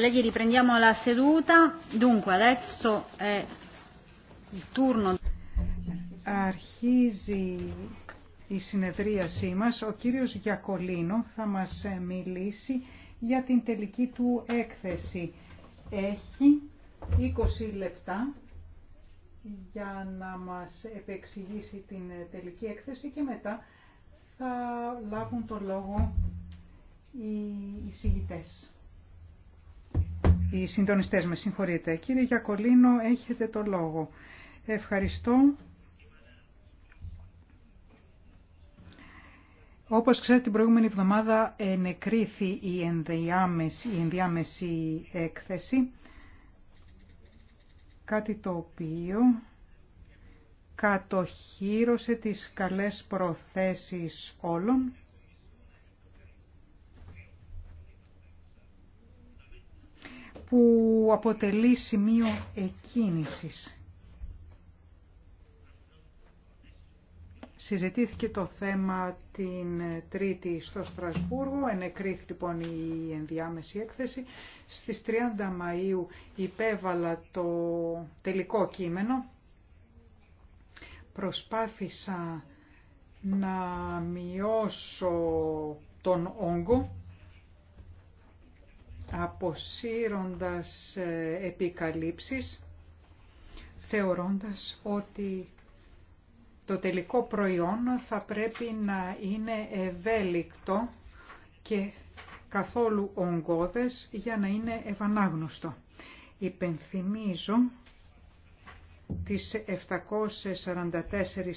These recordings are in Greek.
Colleghi, riprendiamo la seduta. Αρχίζει η συνεδρίασή μας. Ο κύριος Γιακολίνο θα μας μιλήσει για την τελική του έκθεση. Έχει 20 λεπτά για να μας επεξηγήσει την τελική έκθεση και μετά θα λάβουν το λόγο οι εισηγητές οι συντονιστές με συγχωρείτε. Κύριε Γιακολίνο, έχετε το λόγο. Ευχαριστώ. Όπως ξέρετε την προηγούμενη εβδομάδα ενεκρίθη η ενδιάμεση, ενδιάμεση έκθεση, κάτι το οποίο κατοχύρωσε τις καλές προθέσεις όλων που αποτελεί σημείο εκκίνησης. Συζητήθηκε το θέμα την Τρίτη στο Στρασβούργο, ενεκρίθη λοιπόν η ενδιάμεση έκθεση. Στις 30 Μαΐου υπέβαλα το τελικό κείμενο. Προσπάθησα να μειώσω τον όγκο αποσύροντας ε, επικαλύψεις, θεωρώντας ότι το τελικό προϊόν θα πρέπει να είναι ευέλικτο και καθόλου ογκώδες για να είναι ευανάγνωστο. Υπενθυμίζω τις 744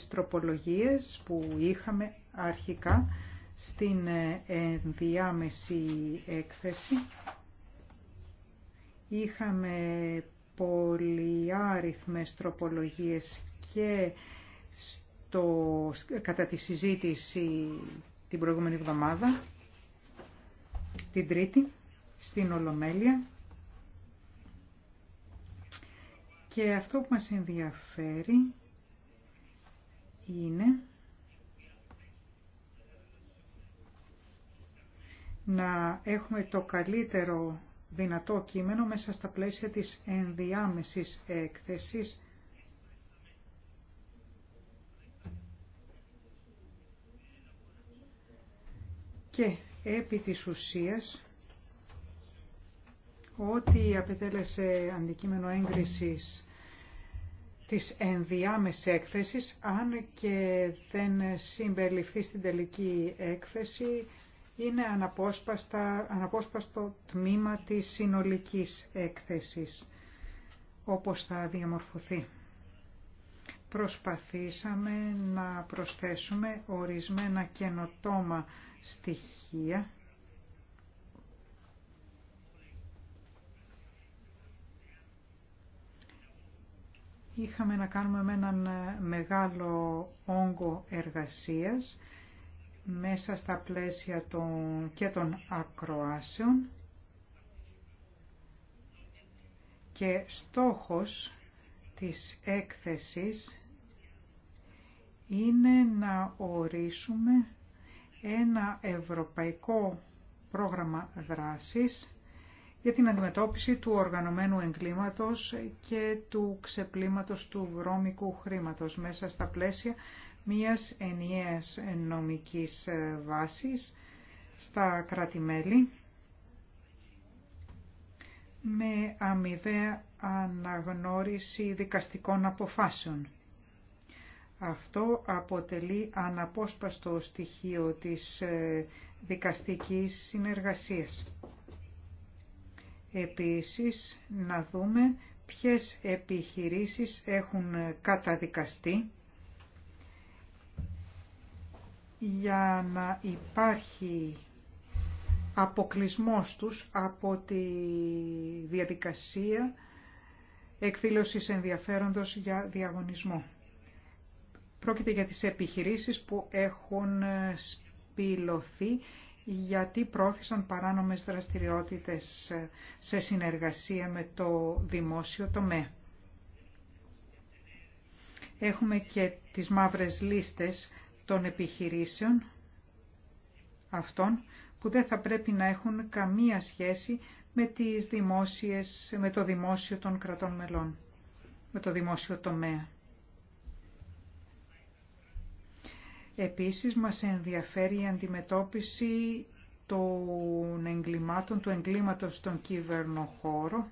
τροπολογίες που είχαμε αρχικά στην ε, ενδιάμεση έκθεση Είχαμε πολυάριθμες τροπολογίες και στο, κατά τη συζήτηση την προηγούμενη εβδομάδα, την Τρίτη, στην Ολομέλεια. Και αυτό που μας ενδιαφέρει είναι να έχουμε το καλύτερο δυνατό κείμενο μέσα στα πλαίσια της ενδιάμεσης έκθεσης και επί της ουσίας ότι απετέλεσε αντικείμενο έγκρισης της ενδιάμεσης έκθεσης, αν και δεν συμπεριληφθεί στην τελική έκθεση, είναι αναπόσπαστα, αναπόσπαστο τμήμα της συνολικής έκθεσης, όπως θα διαμορφωθεί. Προσπαθήσαμε να προσθέσουμε ορισμένα καινοτόμα στοιχεία είχαμε να κάνουμε με έναν μεγάλο όγκο εργασίας μέσα στα πλαίσια των, και των ακροάσεων και στόχος της έκθεσης είναι να ορίσουμε ένα ευρωπαϊκό πρόγραμμα δράσης για την αντιμετώπιση του οργανωμένου εγκλήματος και του ξεπλήματος του βρώμικου χρήματος μέσα στα πλαίσια μιας ενιαίας νομικής ε, βάσης στα κρατη με αμοιβαία αναγνώριση δικαστικών αποφάσεων. Αυτό αποτελεί αναπόσπαστο στοιχείο της ε, δικαστικής συνεργασίας. Επίσης, να δούμε ποιες επιχειρήσεις έχουν καταδικαστεί για να υπάρχει αποκλισμός τους από τη διαδικασία εκδήλωσης ενδιαφέροντος για διαγωνισμό. Πρόκειται για τις επιχειρήσεις που έχουν σπηλωθεί γιατί πρόθεσαν παράνομες δραστηριότητες σε συνεργασία με το δημόσιο τομέα. Έχουμε και τις μαύρες λίστες των επιχειρήσεων αυτών που δεν θα πρέπει να έχουν καμία σχέση με, τις δημόσιες, με το δημόσιο των κρατών μελών, με το δημόσιο τομέα. Επίσης μας ενδιαφέρει η αντιμετώπιση των εγκλημάτων, του εγκλήματος στον κυβερνοχώρο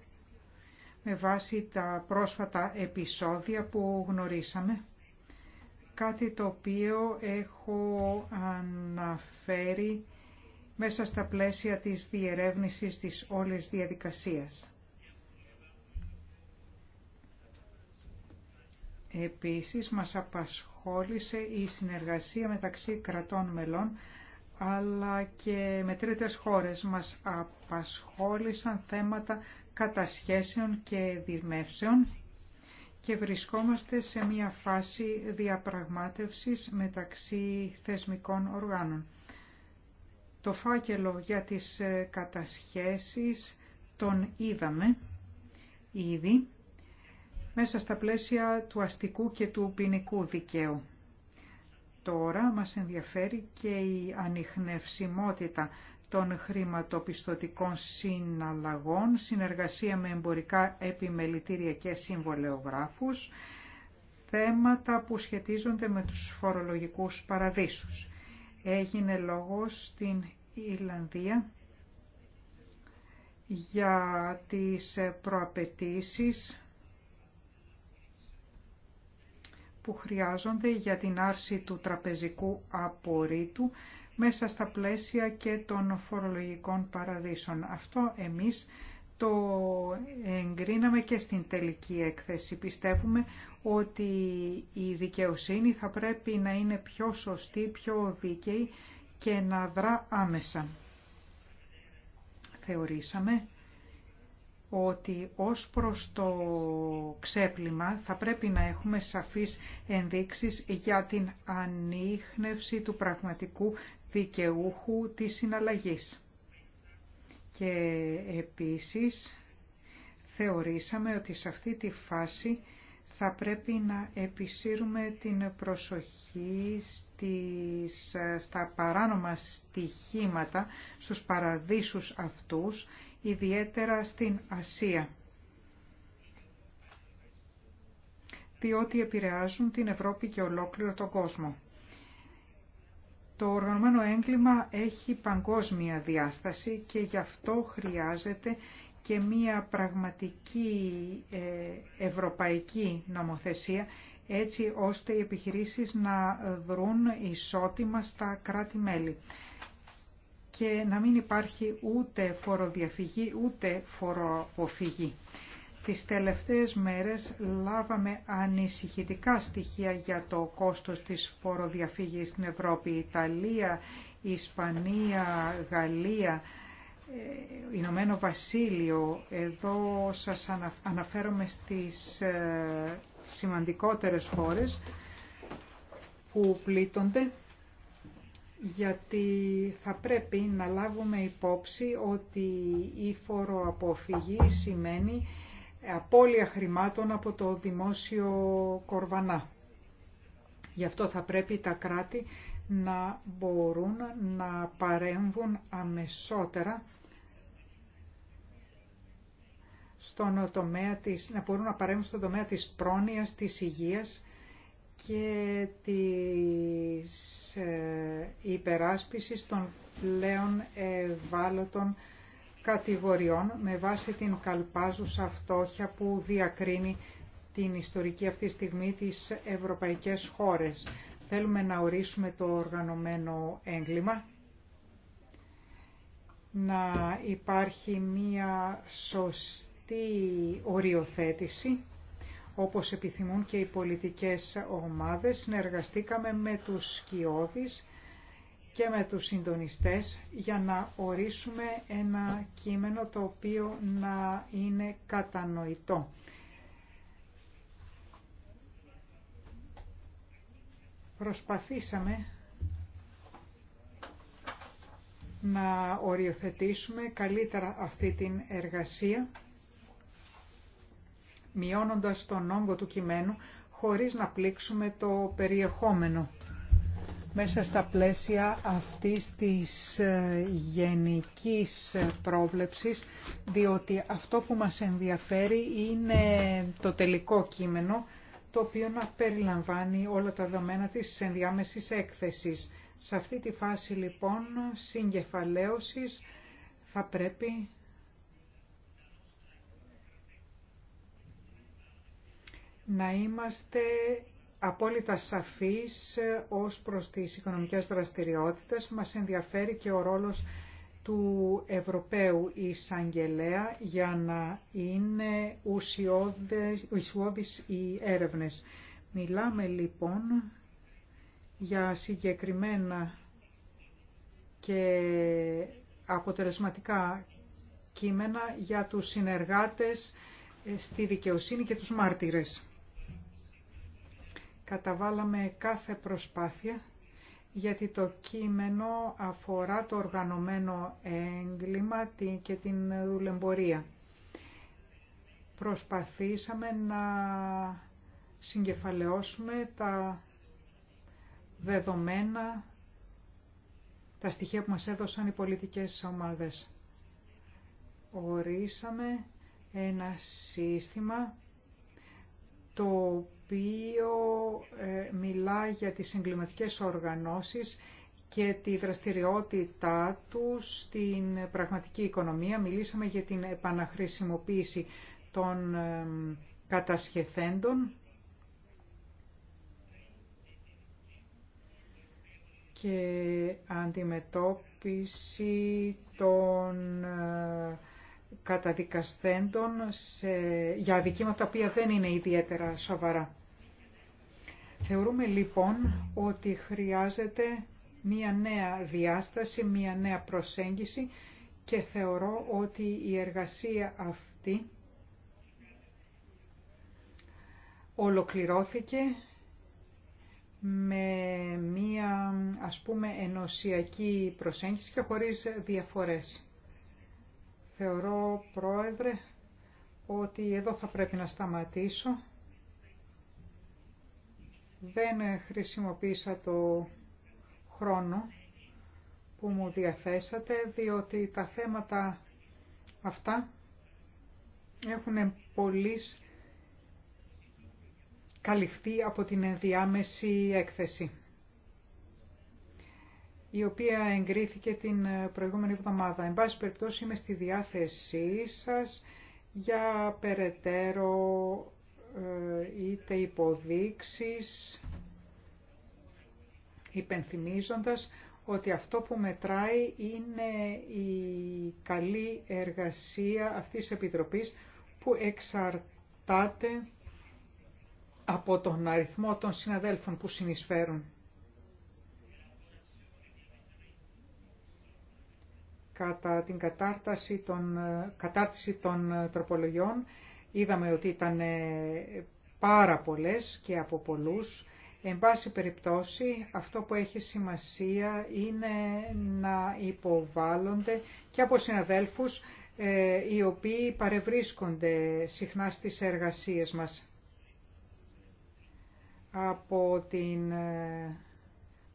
με βάση τα πρόσφατα επεισόδια που γνωρίσαμε κάτι το οποίο έχω αναφέρει μέσα στα πλαίσια της διερεύνησης της όλης διαδικασίας. Επίσης, μας απασχόλησε η συνεργασία μεταξύ κρατών μελών, αλλά και με τρίτες χώρες μας απασχόλησαν θέματα κατασχέσεων και δημεύσεων και βρισκόμαστε σε μια φάση διαπραγμάτευσης μεταξύ θεσμικών οργάνων. Το φάκελο για τις ε, κατασχέσεις τον είδαμε ήδη μέσα στα πλαίσια του αστικού και του ποινικού δικαίου. Τώρα μας ενδιαφέρει και η ανιχνευσιμότητα των χρηματοπιστωτικών συναλλαγών, συνεργασία με εμπορικά επιμελητήρια και συμβολεογράφους, θέματα που σχετίζονται με τους φορολογικούς παραδείσους. Έγινε λόγος στην Ιλλανδία για τις προαπαιτήσεις που χρειάζονται για την άρση του τραπεζικού απορρίτου μέσα στα πλαίσια και των φορολογικών παραδείσων. Αυτό εμείς το εγκρίναμε και στην τελική έκθεση. Πιστεύουμε ότι η δικαιοσύνη θα πρέπει να είναι πιο σωστή, πιο δίκαιη και να δρά άμεσα. Θεωρήσαμε ότι ως προς το ξέπλυμα θα πρέπει να έχουμε σαφείς ενδείξεις για την ανείχνευση του πραγματικού δικαιούχου της συναλλαγής. Και επίσης θεωρήσαμε ότι σε αυτή τη φάση θα πρέπει να επισύρουμε την προσοχή στα παράνομα στοιχήματα, στους παραδείσους αυτούς, ιδιαίτερα στην Ασία. Διότι επηρεάζουν την Ευρώπη και ολόκληρο τον κόσμο. Το οργανωμένο έγκλημα έχει παγκόσμια διάσταση και γι' αυτό χρειάζεται και μία πραγματική ε, ευρωπαϊκή νομοθεσία έτσι ώστε οι επιχειρήσεις να δρουν ισότιμα στα κράτη-μέλη και να μην υπάρχει ούτε φοροδιαφυγή ούτε φοροαποφυγή. Τις τελευταίες μέρες λάβαμε ανησυχητικά στοιχεία για το κόστος της φοροδιαφύγης στην Ευρώπη. Ιταλία, Ισπανία, Γαλλία, ε, Ηνωμένο Βασίλειο. Εδώ σας αναφέρομαι στις ε, σημαντικότερες χώρες που πλήττονται γιατί θα πρέπει να λάβουμε υπόψη ότι η φοροαποφυγή σημαίνει απώλεια χρημάτων από το δημόσιο κορβανά. Γι' αυτό θα πρέπει τα κράτη να μπορούν να παρέμβουν αμεσότερα στον τομέα της, να μπορούν να παρέμβουν στον τομέα της πρόνοιας, της υγείας και της ε, υπεράσπισης των πλέον ευάλωτων κατηγοριών με βάση την καλπάζουσα φτώχεια που διακρίνει την ιστορική αυτή στιγμή της ευρωπαϊκές χώρες. Θέλουμε να ορίσουμε το οργανωμένο έγκλημα, να υπάρχει μία σωστή οριοθέτηση, όπως επιθυμούν και οι πολιτικές ομάδες. Συνεργαστήκαμε με τους σκιώδεις και με τους συντονιστές για να ορίσουμε ένα κείμενο το οποίο να είναι κατανοητό. Προσπαθήσαμε να οριοθετήσουμε καλύτερα αυτή την εργασία, μειώνοντας τον όγκο του κειμένου, χωρίς να πλήξουμε το περιεχόμενο μέσα στα πλαίσια αυτής της ε, γενικής ε, πρόβλεψης, διότι αυτό που μας ενδιαφέρει είναι το τελικό κείμενο, το οποίο να περιλαμβάνει όλα τα δεδομένα της ενδιάμεσης έκθεσης. Σε αυτή τη φάση λοιπόν συγκεφαλαίωσης θα πρέπει να είμαστε απόλυτα σαφής ε, ως προς τις οικονομικές δραστηριότητες. Μας ενδιαφέρει και ο ρόλος του Ευρωπαίου εισαγγελέα για να είναι ουσιώδης οι έρευνες. Μιλάμε λοιπόν για συγκεκριμένα και αποτελεσματικά κείμενα για τους συνεργάτες ε, στη δικαιοσύνη και τους μάρτυρες καταβάλαμε κάθε προσπάθεια γιατί το κείμενο αφορά το οργανωμένο έγκλημα και την δουλεμπορία. Προσπαθήσαμε να συγκεφαλαιώσουμε τα δεδομένα, τα στοιχεία που μας έδωσαν οι πολιτικές ομάδες. Ορίσαμε ένα σύστημα το οποίο ε, μιλά για τις συγκληματικές οργανώσεις και τη δραστηριότητά τους στην πραγματική οικονομία. Μιλήσαμε για την επαναχρησιμοποίηση των ε, κατασχεθέντων και αντιμετώπιση των ε, καταδικασθέντων σε, για αδικήματα που δεν είναι ιδιαίτερα σοβαρά. Θεωρούμε λοιπόν ότι χρειάζεται μία νέα διάσταση, μία νέα προσέγγιση και θεωρώ ότι η εργασία αυτή ολοκληρώθηκε με μία ας πούμε ενωσιακή προσέγγιση και χωρίς διαφορές. Θεωρώ, Πρόεδρε, ότι εδώ θα πρέπει να σταματήσω δεν χρησιμοποίησα το χρόνο που μου διαθέσατε, διότι τα θέματα αυτά έχουν πολύ καλυφθεί από την ενδιάμεση έκθεση, η οποία εγκρίθηκε την προηγούμενη εβδομάδα. Εν πάση περιπτώσει είμαι στη διάθεσή σας για περαιτέρω ε, είτε υποδείξεις υπενθυμίζοντας ότι αυτό που μετράει είναι η καλή εργασία αυτής της Επιτροπής που εξαρτάται από τον αριθμό των συναδέλφων που συνεισφέρουν. Κατά την ε, κατάρτιση των, κατάρτιση ε, των τροπολογιών Είδαμε ότι ήταν ε, πάρα πολλές και από πολλούς. Εν πάση περιπτώσει, αυτό που έχει σημασία είναι να υποβάλλονται και από συναδέλφους ε, οι οποίοι παρευρίσκονται συχνά στις εργασίες μας. Από την ε,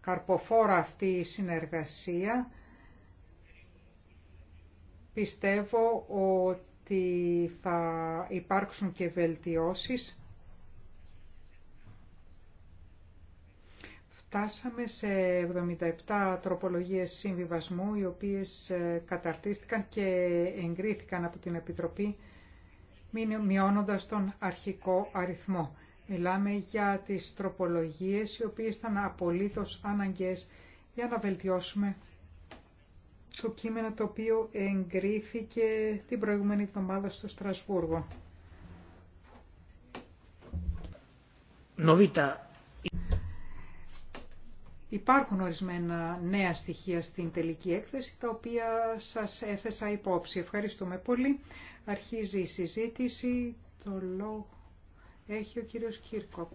καρποφόρα αυτή η συνεργασία πιστεύω ότι ότι θα υπάρξουν και βελτιώσεις. Φτάσαμε σε 77 τροπολογίες συμβιβασμού, οι οποίες ε, καταρτίστηκαν και εγκρίθηκαν από την Επιτροπή, μειώνοντας τον αρχικό αριθμό. Μιλάμε για τις τροπολογίες, οι οποίες ήταν απολύτως αναγκαίες για να βελτιώσουμε το κείμενο το οποίο εγκρίθηκε την προηγούμενη εβδομάδα στο Στρασβούργο. Νοβίτα. Υπάρχουν ορισμένα νέα στοιχεία στην τελική έκθεση, τα οποία σας έθεσα υπόψη. Ευχαριστούμε πολύ. Αρχίζει η συζήτηση. Το λόγο έχει ο κύριος Κίρκοπ.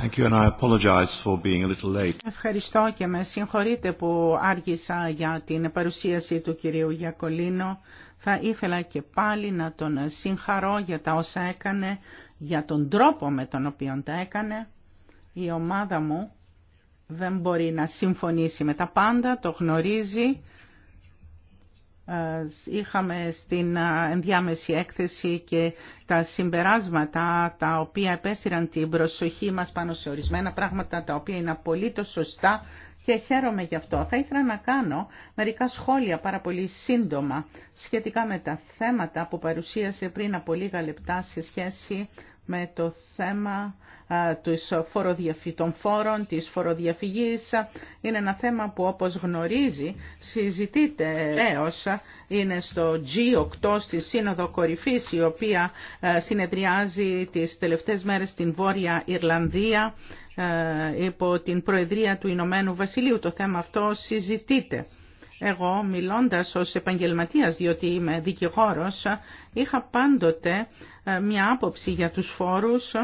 Thank you Ευχαριστώ και με συγχωρείτε που άργησα για την παρουσίαση του κυρίου Γιακολίνο. Θα ήθελα και πάλι να τον συγχαρώ για τα όσα έκανε, για τον τρόπο με τον οποίο τα έκανε. Η ομάδα μου δεν μπορεί να συμφωνήσει με τα πάντα, το γνωρίζει είχαμε στην ενδιάμεση έκθεση και τα συμπεράσματα τα οποία επέστηραν την προσοχή μας πάνω σε ορισμένα πράγματα τα οποία είναι απολύτως σωστά και χαίρομαι γι' αυτό. Θα ήθελα να κάνω μερικά σχόλια πάρα πολύ σύντομα σχετικά με τα θέματα που παρουσίασε πριν από λίγα λεπτά σε σχέση με το θέμα των φόρων, της φοροδιαφυγής. Είναι ένα θέμα που όπως γνωρίζει συζητείται έως είναι στο G8 στη Σύνοδο Κορυφής η οποία συνεδριάζει τις τελευταίες μέρες στην Βόρεια Ιρλανδία υπό την Προεδρία του Ηνωμένου Βασιλείου. Το θέμα αυτό συζητείται. Εγώ μιλώντας ως επαγγελματίας, διότι είμαι δικηγόρος, είχα πάντοτε ε, μια άποψη για τους φόρους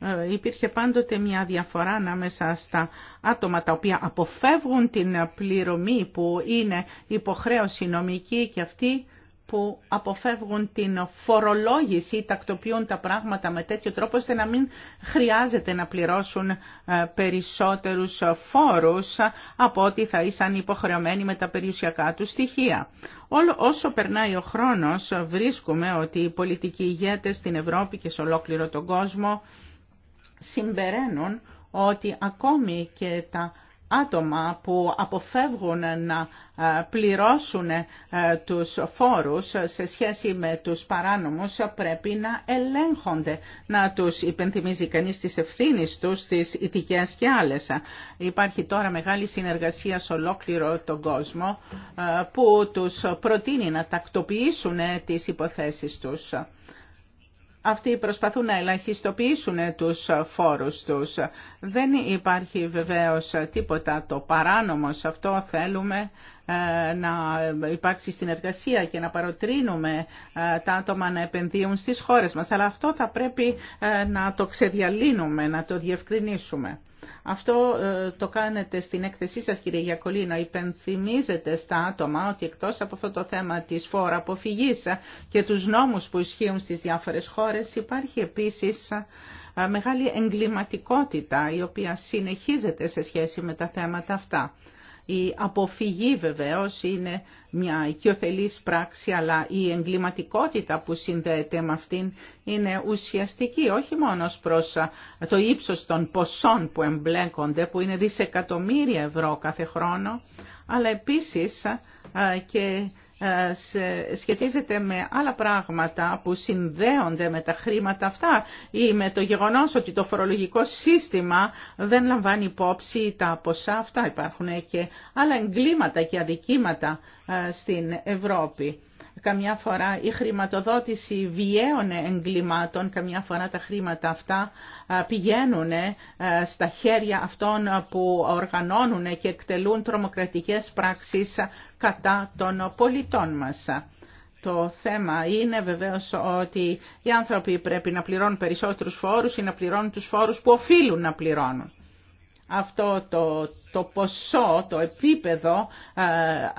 ε, υπήρχε πάντοτε μια διαφορά ανάμεσα στα άτομα τα οποία αποφεύγουν την πληρωμή που είναι υποχρέωση νομική και αυτή που αποφεύγουν την φορολόγηση ή τακτοποιούν τα πράγματα με τέτοιο τρόπο ώστε να μην χρειάζεται να πληρώσουν ε, περισσότερους φόρους από ό,τι θα ήσαν υποχρεωμένοι με τα περιουσιακά του στοιχεία. Όλο όσο περνάει ο χρόνος βρίσκουμε ότι οι πολιτικοί ηγέτες στην Ευρώπη και σε ολόκληρο τον κόσμο συμπεραίνουν ότι ακόμη και τα άτομα που αποφεύγουν να ε, πληρώσουν ε, τους φόρους σε σχέση με τους παράνομους πρέπει να ελέγχονται, να τους υπενθυμίζει κανείς τις ευθύνες τους, τις ηθικές και άλλες. Υπάρχει τώρα μεγάλη συνεργασία σε ολόκληρο τον κόσμο ε, που τους προτείνει να τακτοποιήσουν τις υποθέσεις τους αυτοί προσπαθούν να ελαχιστοποιήσουν τους φόρους τους. Δεν υπάρχει βεβαίως τίποτα το παράνομο σε αυτό. Θέλουμε ε, να υπάρξει συνεργασία και να παροτρύνουμε ε, τα άτομα να επενδύουν στις χώρες μας. Αλλά αυτό θα πρέπει ε, να το ξεδιαλύνουμε, να το διευκρινίσουμε. Αυτό ε, το κάνετε στην έκθεσή σας κύριε Γιακολίνα, υπενθυμίζετε στα άτομα ότι εκτός από αυτό το θέμα της φόρα αποφυγής και τους νόμους που ισχύουν στις διάφορες χώρες υπάρχει επίσης ε, μεγάλη εγκληματικότητα η οποία συνεχίζεται σε σχέση με τα θέματα αυτά. Η αποφυγή βεβαίως είναι μια οικειοθελής πράξη, αλλά η εγκληματικότητα που συνδέεται με αυτήν είναι ουσιαστική, όχι μόνο προς το ύψος των ποσών που εμπλέκονται, που είναι δισεκατομμύρια ευρώ κάθε χρόνο, αλλά επίσης και ε, σχετίζεται με άλλα πράγματα που συνδέονται με τα χρήματα αυτά ή με το γεγονός ότι το φορολογικό σύστημα δεν λαμβάνει υπόψη τα ποσά αυτά. Υπάρχουν και άλλα εγκλήματα και αδικήματα ε, στην Ευρώπη. Καμιά φορά η χρηματοδότηση βιαίων εγκλημάτων, καμιά φορά τα χρήματα αυτά πηγαίνουν στα χέρια αυτών που οργανώνουν και εκτελούν τρομοκρατικές πράξεις κατά των πολιτών μας. Το θέμα είναι βεβαίως ότι οι άνθρωποι πρέπει να πληρώνουν περισσότερους φόρους ή να πληρώνουν τους φόρους που οφείλουν να πληρώνουν αυτό το, το ποσό, το επίπεδο ε,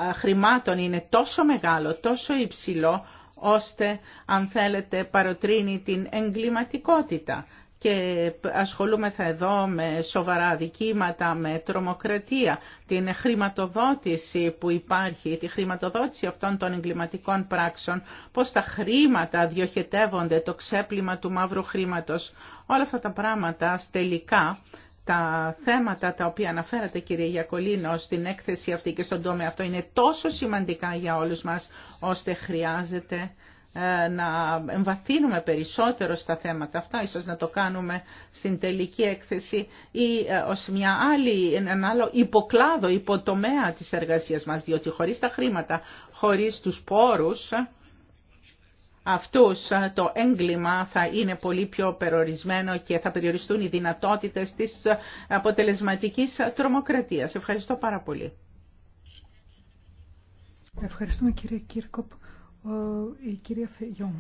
ε, χρημάτων είναι τόσο μεγάλο, τόσο υψηλό, ώστε αν θέλετε παροτρύνει την εγκληματικότητα και ασχολούμεθα εδώ με σοβαρά δικήματα, με τρομοκρατία, την χρηματοδότηση που υπάρχει, τη χρηματοδότηση αυτών των εγκληματικών πράξεων, πώς τα χρήματα διοχετεύονται, το ξέπλυμα του μαύρου χρήματος, όλα αυτά τα πράγματα τελικά τα θέματα τα οποία αναφέρατε κύριε Γιακολίνο στην έκθεση αυτή και στον τομέα αυτό είναι τόσο σημαντικά για όλους μας ώστε χρειάζεται ε, να εμβαθύνουμε περισσότερο στα θέματα αυτά, ίσως να το κάνουμε στην τελική έκθεση ή ε, ως μια άλλη, έναν άλλο υποκλάδο, υποτομέα της εργασίας μας, διότι χωρίς τα χρήματα, χωρίς τους πόρους, αυτούς το έγκλημα θα είναι πολύ πιο περιορισμένο και θα περιοριστούν οι δυνατότητες της αποτελεσματικής τρομοκρατίας. Ευχαριστώ πάρα πολύ. Ευχαριστούμε κύριε Κύρκοπ. Η κυρία Φεγιόμ.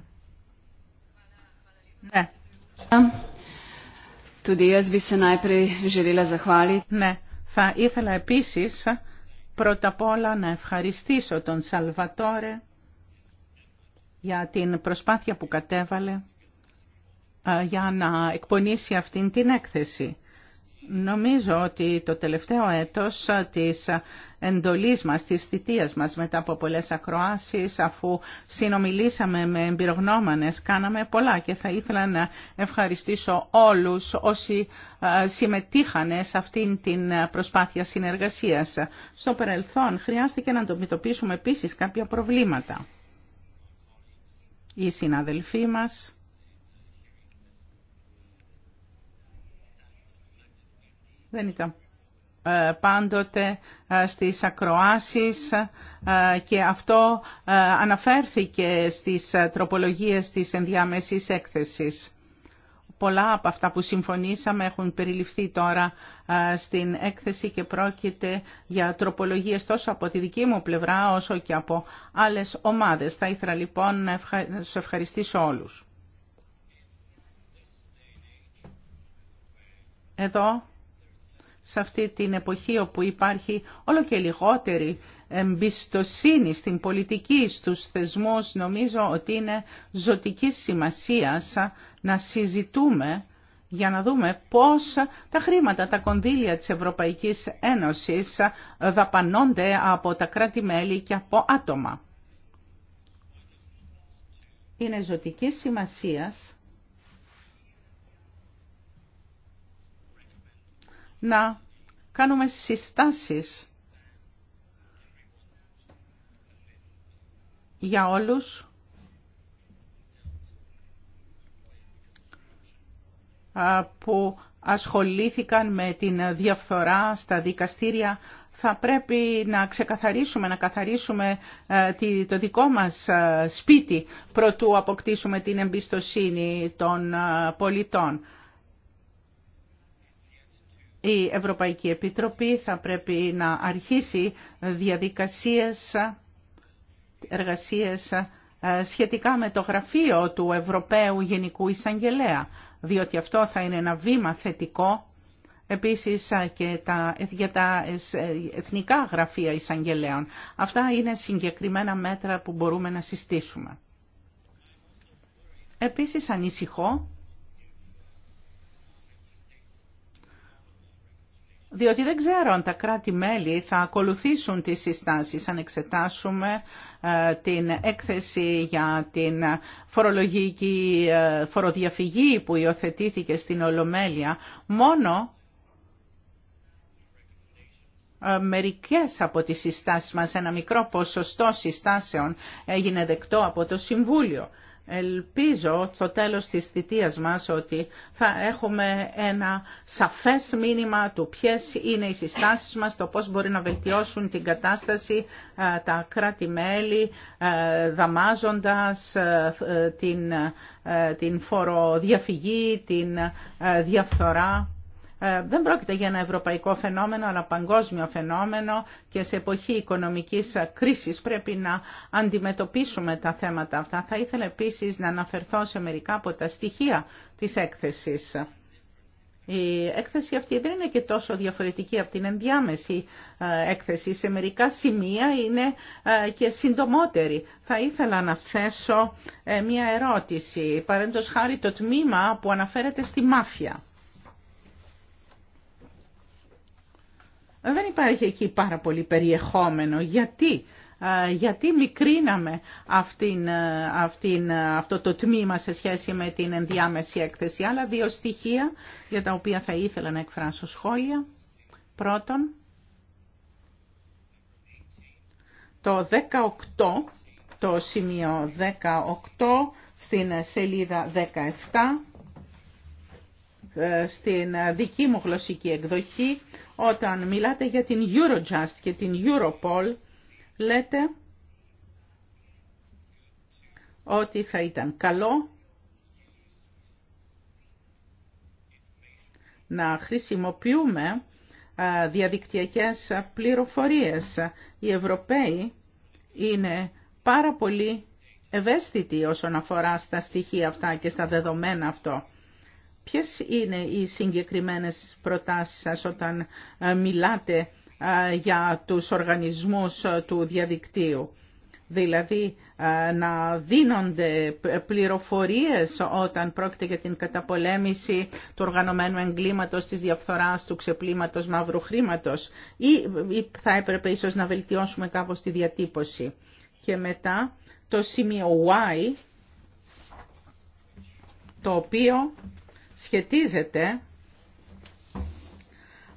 Ναι. ναι. Θα ήθελα επίσης πρώτα απ' όλα να ευχαριστήσω τον Σαλβατόρε για την προσπάθεια που κατέβαλε για να εκπονήσει αυτήν την έκθεση. Νομίζω ότι το τελευταίο έτος της εντολής μας, της θητείας μας μετά από πολλές ακροάσεις, αφού συνομιλήσαμε με εμπειρογνώμανες, κάναμε πολλά και θα ήθελα να ευχαριστήσω όλους όσοι συμμετείχανε σε αυτήν την προσπάθεια συνεργασίας. Στο παρελθόν χρειάστηκε να αντιμετωπίσουμε επίσης κάποια προβλήματα οι συναδελφοί μας δεν ήταν ε, πάντοτε ε, στις ακροάσεις ε, και αυτό αναφέρθηκε στις τροπολογίες της ενδιάμεσης έκθεσης. Πολλά από αυτά που συμφωνήσαμε έχουν περιληφθεί τώρα στην έκθεση και πρόκειται για τροπολογίες τόσο από τη δική μου πλευρά όσο και από άλλες ομάδες. Θα ήθελα λοιπόν να σας ευχαριστήσω όλους. Εδώ σε αυτή την εποχή όπου υπάρχει όλο και λιγότερη εμπιστοσύνη στην πολιτική, στους θεσμούς, νομίζω ότι είναι ζωτική σημασία να συζητούμε για να δούμε πώς τα χρήματα, τα κονδύλια της Ευρωπαϊκής Ένωσης δαπανώνται από τα κράτη-μέλη και από άτομα. Είναι ζωτική σημασίας να κάνουμε συστάσεις για όλους που ασχολήθηκαν με την διαφθορά στα δικαστήρια θα πρέπει να ξεκαθαρίσουμε, να καθαρίσουμε ε, το δικό μας ε, σπίτι προτού αποκτήσουμε την εμπιστοσύνη των ε, πολιτών η Ευρωπαϊκή Επιτροπή θα πρέπει να αρχίσει διαδικασίες εργασίες ε, σχετικά με το γραφείο του Ευρωπαίου Γενικού Εισαγγελέα, διότι αυτό θα είναι ένα βήμα θετικό επίσης ε, και τα, για τα ε, εθνικά γραφεία εισαγγελέων. Αυτά είναι συγκεκριμένα μέτρα που μπορούμε να συστήσουμε. Επίσης ανησυχώ διότι δεν ξέρω αν τα κράτη-μέλη θα ακολουθήσουν τις συστάσεις. Αν εξετάσουμε ε, την έκθεση για την φορολογική ε, φοροδιαφυγή που υιοθετήθηκε στην Ολομέλεια, μόνο ε, μερικές από τις συστάσεις μας, ένα μικρό ποσοστό συστάσεων έγινε δεκτό από το Συμβούλιο. Ελπίζω στο τέλος της θητείας μας ότι θα έχουμε ένα σαφές μήνυμα του ποιες είναι οι συστάσεις μας, το πώς μπορεί να βελτιώσουν την κατάσταση ε, τα κράτη-μέλη, ε, δαμάζοντας ε, την, την φοροδιαφυγή, την διαφθορά. Ε, δεν πρόκειται για ένα ευρωπαϊκό φαινόμενο, αλλά παγκόσμιο φαινόμενο και σε εποχή οικονομικής κρίσης πρέπει να αντιμετωπίσουμε τα θέματα αυτά. Θα ήθελα επίσης να αναφερθώ σε μερικά από τα στοιχεία της έκθεσης. Η έκθεση αυτή δεν είναι και τόσο διαφορετική από την ενδιάμεση ε, έκθεση. Σε μερικά σημεία είναι ε, και συντομότερη. Θα ήθελα να θέσω μια ερώτηση. Παρέντος χάρη το τμήμα που αναφέρεται στη μάφια. Δεν υπάρχει εκεί πάρα πολύ περιεχόμενο. Γιατί, γιατί μικρίναμε αυτήν, αυτήν, αυτό το τμήμα σε σχέση με την ενδιάμεση έκθεση. Άλλα δύο στοιχεία για τα οποία θα ήθελα να εκφράσω σχόλια. Πρώτον, το 18, το σημείο 18 στην σελίδα 17, ε, στην δική μου γλωσσική εκδοχή όταν μιλάτε για την Eurojust και την Europol, λέτε ότι θα ήταν καλό να χρησιμοποιούμε διαδικτυακές πληροφορίες. Οι Ευρωπαίοι είναι πάρα πολύ ευαίσθητοι όσον αφορά στα στοιχεία αυτά και στα δεδομένα αυτό. Ποιες είναι οι συγκεκριμένες προτάσεις σας όταν ε, μιλάτε ε, για τους οργανισμούς ε, του διαδικτύου. Δηλαδή να δίνονται πληροφορίες όταν πρόκειται για την καταπολέμηση του οργανωμένου εγκλήματος, της διαφθοράς, του ξεπλήματος μαύρου χρήματος ή θα έπρεπε ίσως να βελτιώσουμε κάπως τη διατύπωση. Και μετά το σημείο Y, το οποίο σχετίζεται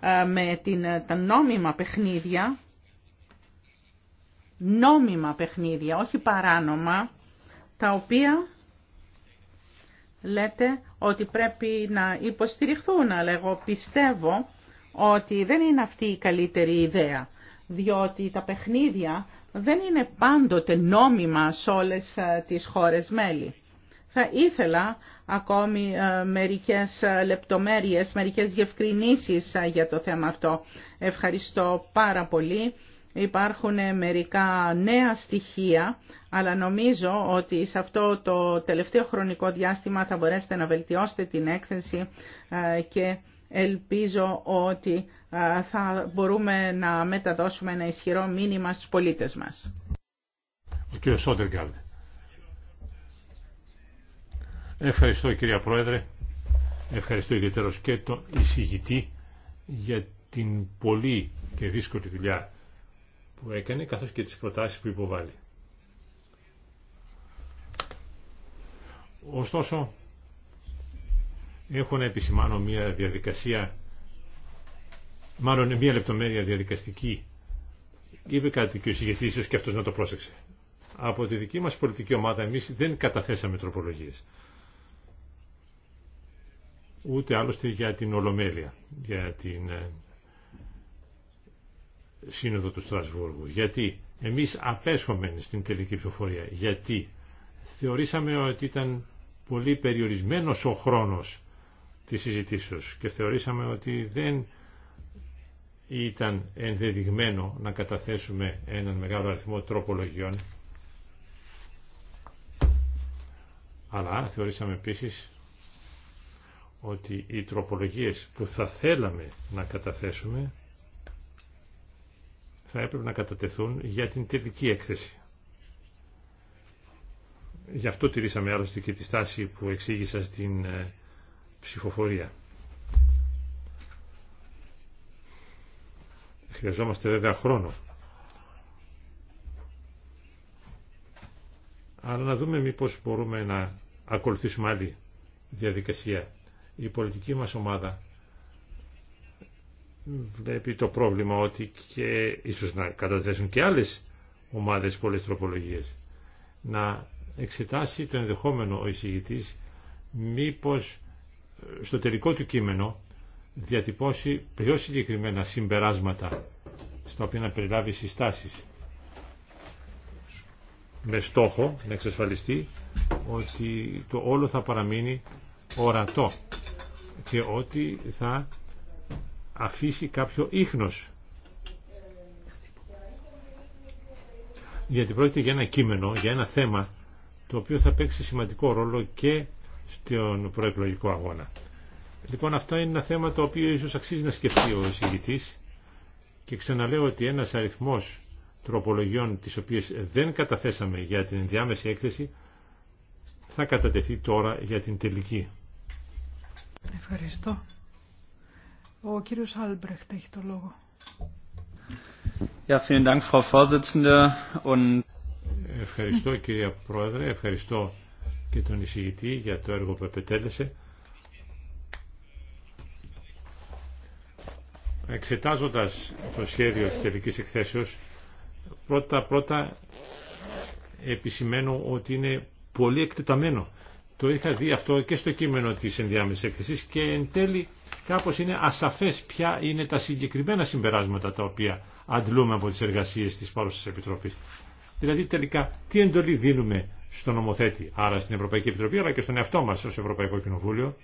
ε, με την, ε, τα νόμιμα παιχνίδια, νόμιμα παιχνίδια, όχι παράνομα, τα οποία λέτε ότι πρέπει να υποστηριχθούν, αλλά εγώ πιστεύω ότι δεν είναι αυτή η καλύτερη ιδέα, διότι τα παιχνίδια δεν είναι πάντοτε νόμιμα σε όλες ε, τις χώρες μέλη. Θα ήθελα ακόμη ε, μερικές ε, λεπτομέρειες, μερικές διευκρινήσεις ε, για το θέμα αυτό. Ευχαριστώ πάρα πολύ. Υπάρχουν μερικά νέα στοιχεία, αλλά νομίζω ότι σε αυτό το τελευταίο χρονικό διάστημα θα μπορέσετε να βελτιώσετε την έκθεση και ελπίζω ότι θα μπορούμε να μεταδώσουμε ένα ισχυρό μήνυμα στους πολίτες μας. Ο κύριος Ευχαριστώ κυρία Πρόεδρε. Ευχαριστώ ιδιαίτερο και τον εισηγητή για την πολύ και δύσκολη δουλειά που έκανε καθώς και τις προτάσεις που υποβάλλει. Ωστόσο, έχω να επισημάνω μια διαδικασία, μάλλον μια λεπτομέρεια διαδικαστική. Είπε κάτι και ο συγγετής, και αυτός να το πρόσεξε. Από τη δική μας πολιτική ομάδα εμείς δεν καταθέσαμε τροπολογίες ούτε άλλωστε για την Ολομέλεια, για την ε, Σύνοδο του Στρασβούργου. Γιατί εμείς απέσχομεν στην τελική ψηφοφορία. Γιατί θεωρήσαμε ότι ήταν πολύ περιορισμένος ο χρόνος της συζητήσεως και θεωρήσαμε ότι δεν ήταν ενδεδειγμένο να καταθέσουμε έναν μεγάλο αριθμό τροπολογιών αλλά θεωρήσαμε επίσης ότι οι τροπολογίες που θα θέλαμε να καταθέσουμε θα έπρεπε να κατατεθούν για την τελική έκθεση. Γι' αυτό τηρήσαμε άλλωστε και τη στάση που εξήγησα στην ε, ψηφοφορία. Χρειαζόμαστε βέβαια χρόνο. Αλλά να δούμε μήπως μπορούμε να ακολουθήσουμε άλλη διαδικασία η πολιτική μας ομάδα βλέπει το πρόβλημα ότι και ίσως να καταθέσουν και άλλες ομάδες πολλές τροπολογίες να εξετάσει το ενδεχόμενο ο εισηγητής μήπως στο τελικό του κείμενο διατυπώσει πιο συγκεκριμένα συμπεράσματα στα οποία να περιλάβει συστάσεις με στόχο να εξασφαλιστεί ότι το όλο θα παραμείνει ορατό και ότι θα αφήσει κάποιο ίχνος. Γιατί πρόκειται για ένα κείμενο, για ένα θέμα το οποίο θα παίξει σημαντικό ρόλο και στον προεκλογικό αγώνα. Λοιπόν αυτό είναι ένα θέμα το οποίο ίσως αξίζει να σκεφτεί ο συγκητής και ξαναλέω ότι ένας αριθμός τροπολογιών τις οποίες δεν καταθέσαμε για την διάμεση έκθεση θα κατατεθεί τώρα για την τελική. Ευχαριστώ. Ο κύριος Άλμπρεχτ έχει το λόγο. Ευχαριστώ κυρία Πρόεδρε, ευχαριστώ και τον εισηγητή για το έργο που επετέλεσε. Εξετάζοντας το σχέδιο της τελικής εκθέσεως, πρώτα πρώτα επισημαίνω ότι είναι πολύ εκτεταμένο το είχα δει αυτό και στο κείμενο της ενδιάμεσης έκθεσης και εν τέλει κάπως είναι ασαφές ποια είναι τα συγκεκριμένα συμπεράσματα τα οποία αντλούμε από τις εργασίες της παρούσας Επιτροπής. Δηλαδή τελικά τι εντολή δίνουμε στον νομοθέτη, άρα στην Ευρωπαϊκή Επιτροπή αλλά και στον εαυτό μας ως Ευρωπαϊκό Κοινοβούλιο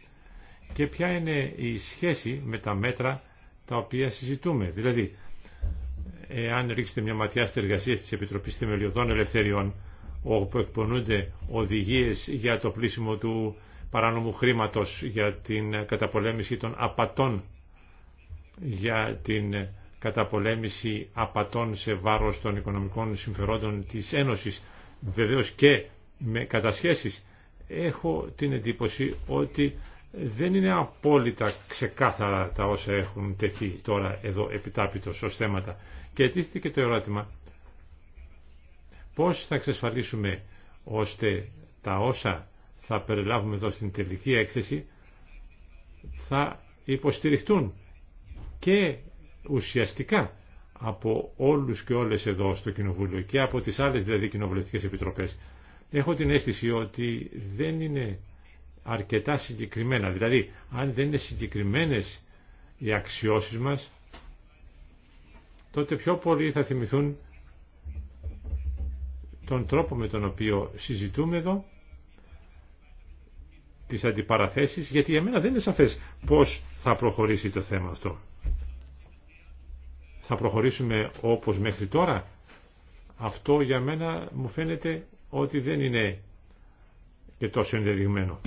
και ποια είναι η σχέση με τα μέτρα τα οποία συζητούμε. Δηλαδή, εάν ρίξετε μια ματιά στις εργασίες της Επιτροπής Θεμελιωδών Ελευθεριών, όπου εκπονούνται οδηγίες για το πλήσιμο του παράνομου χρήματος, για την καταπολέμηση των απατών, για την καταπολέμηση απατών σε βάρος των οικονομικών συμφερόντων της Ένωσης, βεβαίως και με κατασχέσεις, έχω την εντύπωση ότι δεν είναι απόλυτα ξεκάθαρα τα όσα έχουν τεθεί τώρα εδώ επιτάπητος ως θέματα. Και ετήθηκε το ερώτημα Πώς θα εξασφαλίσουμε ώστε τα όσα θα περιλάβουμε εδώ στην τελική έκθεση θα υποστηριχτούν και ουσιαστικά από όλους και όλες εδώ στο Κοινοβούλιο και από τις άλλες δηλαδή κοινοβουλευτικές επιτροπές. Έχω την αίσθηση ότι δεν είναι αρκετά συγκεκριμένα. Δηλαδή, αν δεν είναι συγκεκριμένες οι αξιώσεις μας, τότε πιο πολλοί θα θυμηθούν τον τρόπο με τον οποίο συζητούμε εδώ, τις αντιπαραθέσεις, γιατί για μένα δεν είναι σαφές πώς θα προχωρήσει το θέμα αυτό. Θα προχωρήσουμε όπως μέχρι τώρα. Αυτό για μένα μου φαίνεται ότι δεν είναι και τόσο ενδεδειγμένο.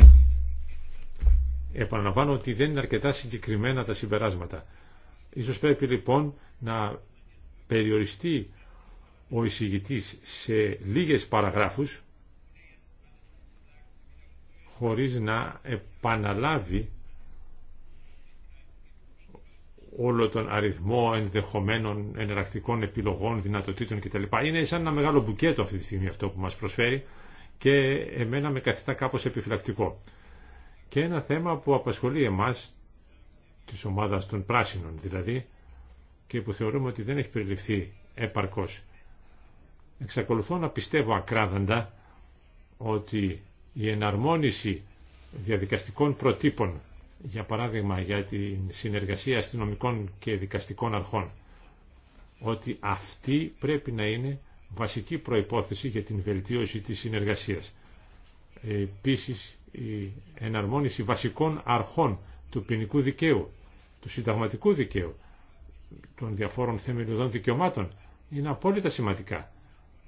Επαναλαμβάνω ότι δεν είναι αρκετά συγκεκριμένα τα συμπεράσματα. Ίσως πρέπει λοιπόν να περιοριστεί ο εισηγητής σε λίγες παραγράφους χωρίς να επαναλάβει όλο τον αριθμό ενδεχομένων εναλλακτικών επιλογών, δυνατοτήτων κτλ. Είναι σαν ένα μεγάλο μπουκέτο αυτή τη στιγμή αυτό που μας προσφέρει και εμένα με καθιστά κάπως επιφυλακτικό. Και ένα θέμα που απασχολεί εμάς της ομάδας των πράσινων δηλαδή και που θεωρούμε ότι δεν έχει περιληφθεί επαρκώς. Εξακολουθώ να πιστεύω ακράδαντα ότι η εναρμόνιση διαδικαστικών προτύπων, για παράδειγμα για τη συνεργασία αστυνομικών και δικαστικών αρχών, ότι αυτή πρέπει να είναι βασική προϋπόθεση για την βελτίωση της συνεργασίας. Επίσης, η εναρμόνιση βασικών αρχών του ποινικού δικαίου, του συνταγματικού δικαίου, των διαφόρων θεμελιωδών δικαιωμάτων, είναι απόλυτα σημαντικά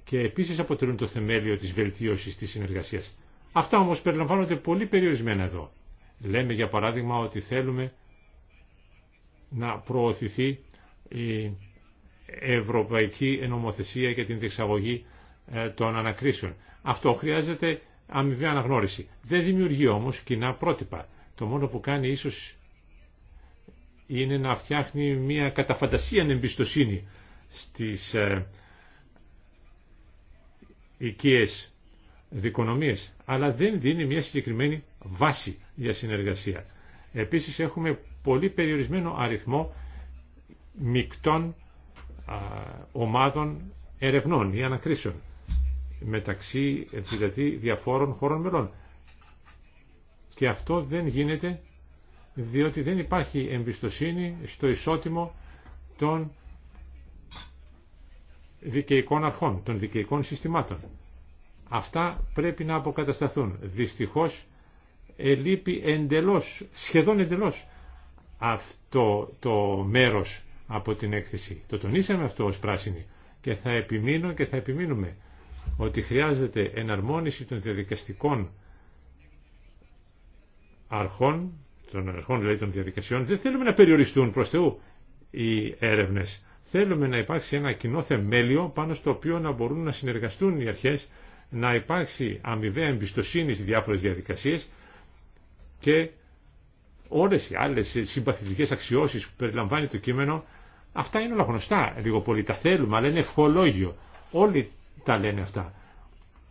και επίσης αποτελούν το θεμέλιο της βελτίωσης της συνεργασίας. Αυτά όμως περιλαμβάνονται πολύ περιορισμένα εδώ. Λέμε για παράδειγμα ότι θέλουμε να προωθηθεί η ευρωπαϊκή νομοθεσία για την διεξαγωγή ε, των ανακρίσεων. Αυτό χρειάζεται αμοιβή αναγνώριση. Δεν δημιουργεί όμως κοινά πρότυπα. Το μόνο που κάνει ίσως είναι να φτιάχνει μια καταφαντασία εμπιστοσύνη στις ε, οικίες δικονομίες, αλλά δεν δίνει μια συγκεκριμένη βάση για συνεργασία. Επίσης έχουμε πολύ περιορισμένο αριθμό μικτών ομάδων ερευνών ή ανακρίσεων μεταξύ δηλαδή διαφόρων χωρών μελών. Και αυτό δεν γίνεται διότι δεν υπάρχει εμπιστοσύνη στο ισότιμο των δικαιικών αρχών, των δικαιικών συστημάτων. Αυτά πρέπει να αποκατασταθούν. Δυστυχώς ελείπει εντελώς, σχεδόν εντελώς αυτό το μέρος από την έκθεση. Το τονίσαμε αυτό ως πράσινη και θα επιμείνω και θα επιμείνουμε ότι χρειάζεται εναρμόνιση των διαδικαστικών αρχών, των αρχών δηλαδή των διαδικασιών. Δεν θέλουμε να περιοριστούν προς Θεού οι έρευνες Θέλουμε να υπάρξει ένα κοινό θεμέλιο πάνω στο οποίο να μπορούν να συνεργαστούν οι αρχές, να υπάρξει αμοιβαία εμπιστοσύνη στις διάφορες διαδικασίες και όλες οι άλλες συμπαθητικές αξιώσεις που περιλαμβάνει το κείμενο, αυτά είναι όλα γνωστά λίγο πολύ, τα θέλουμε, αλλά είναι ευχολόγιο. Όλοι τα λένε αυτά.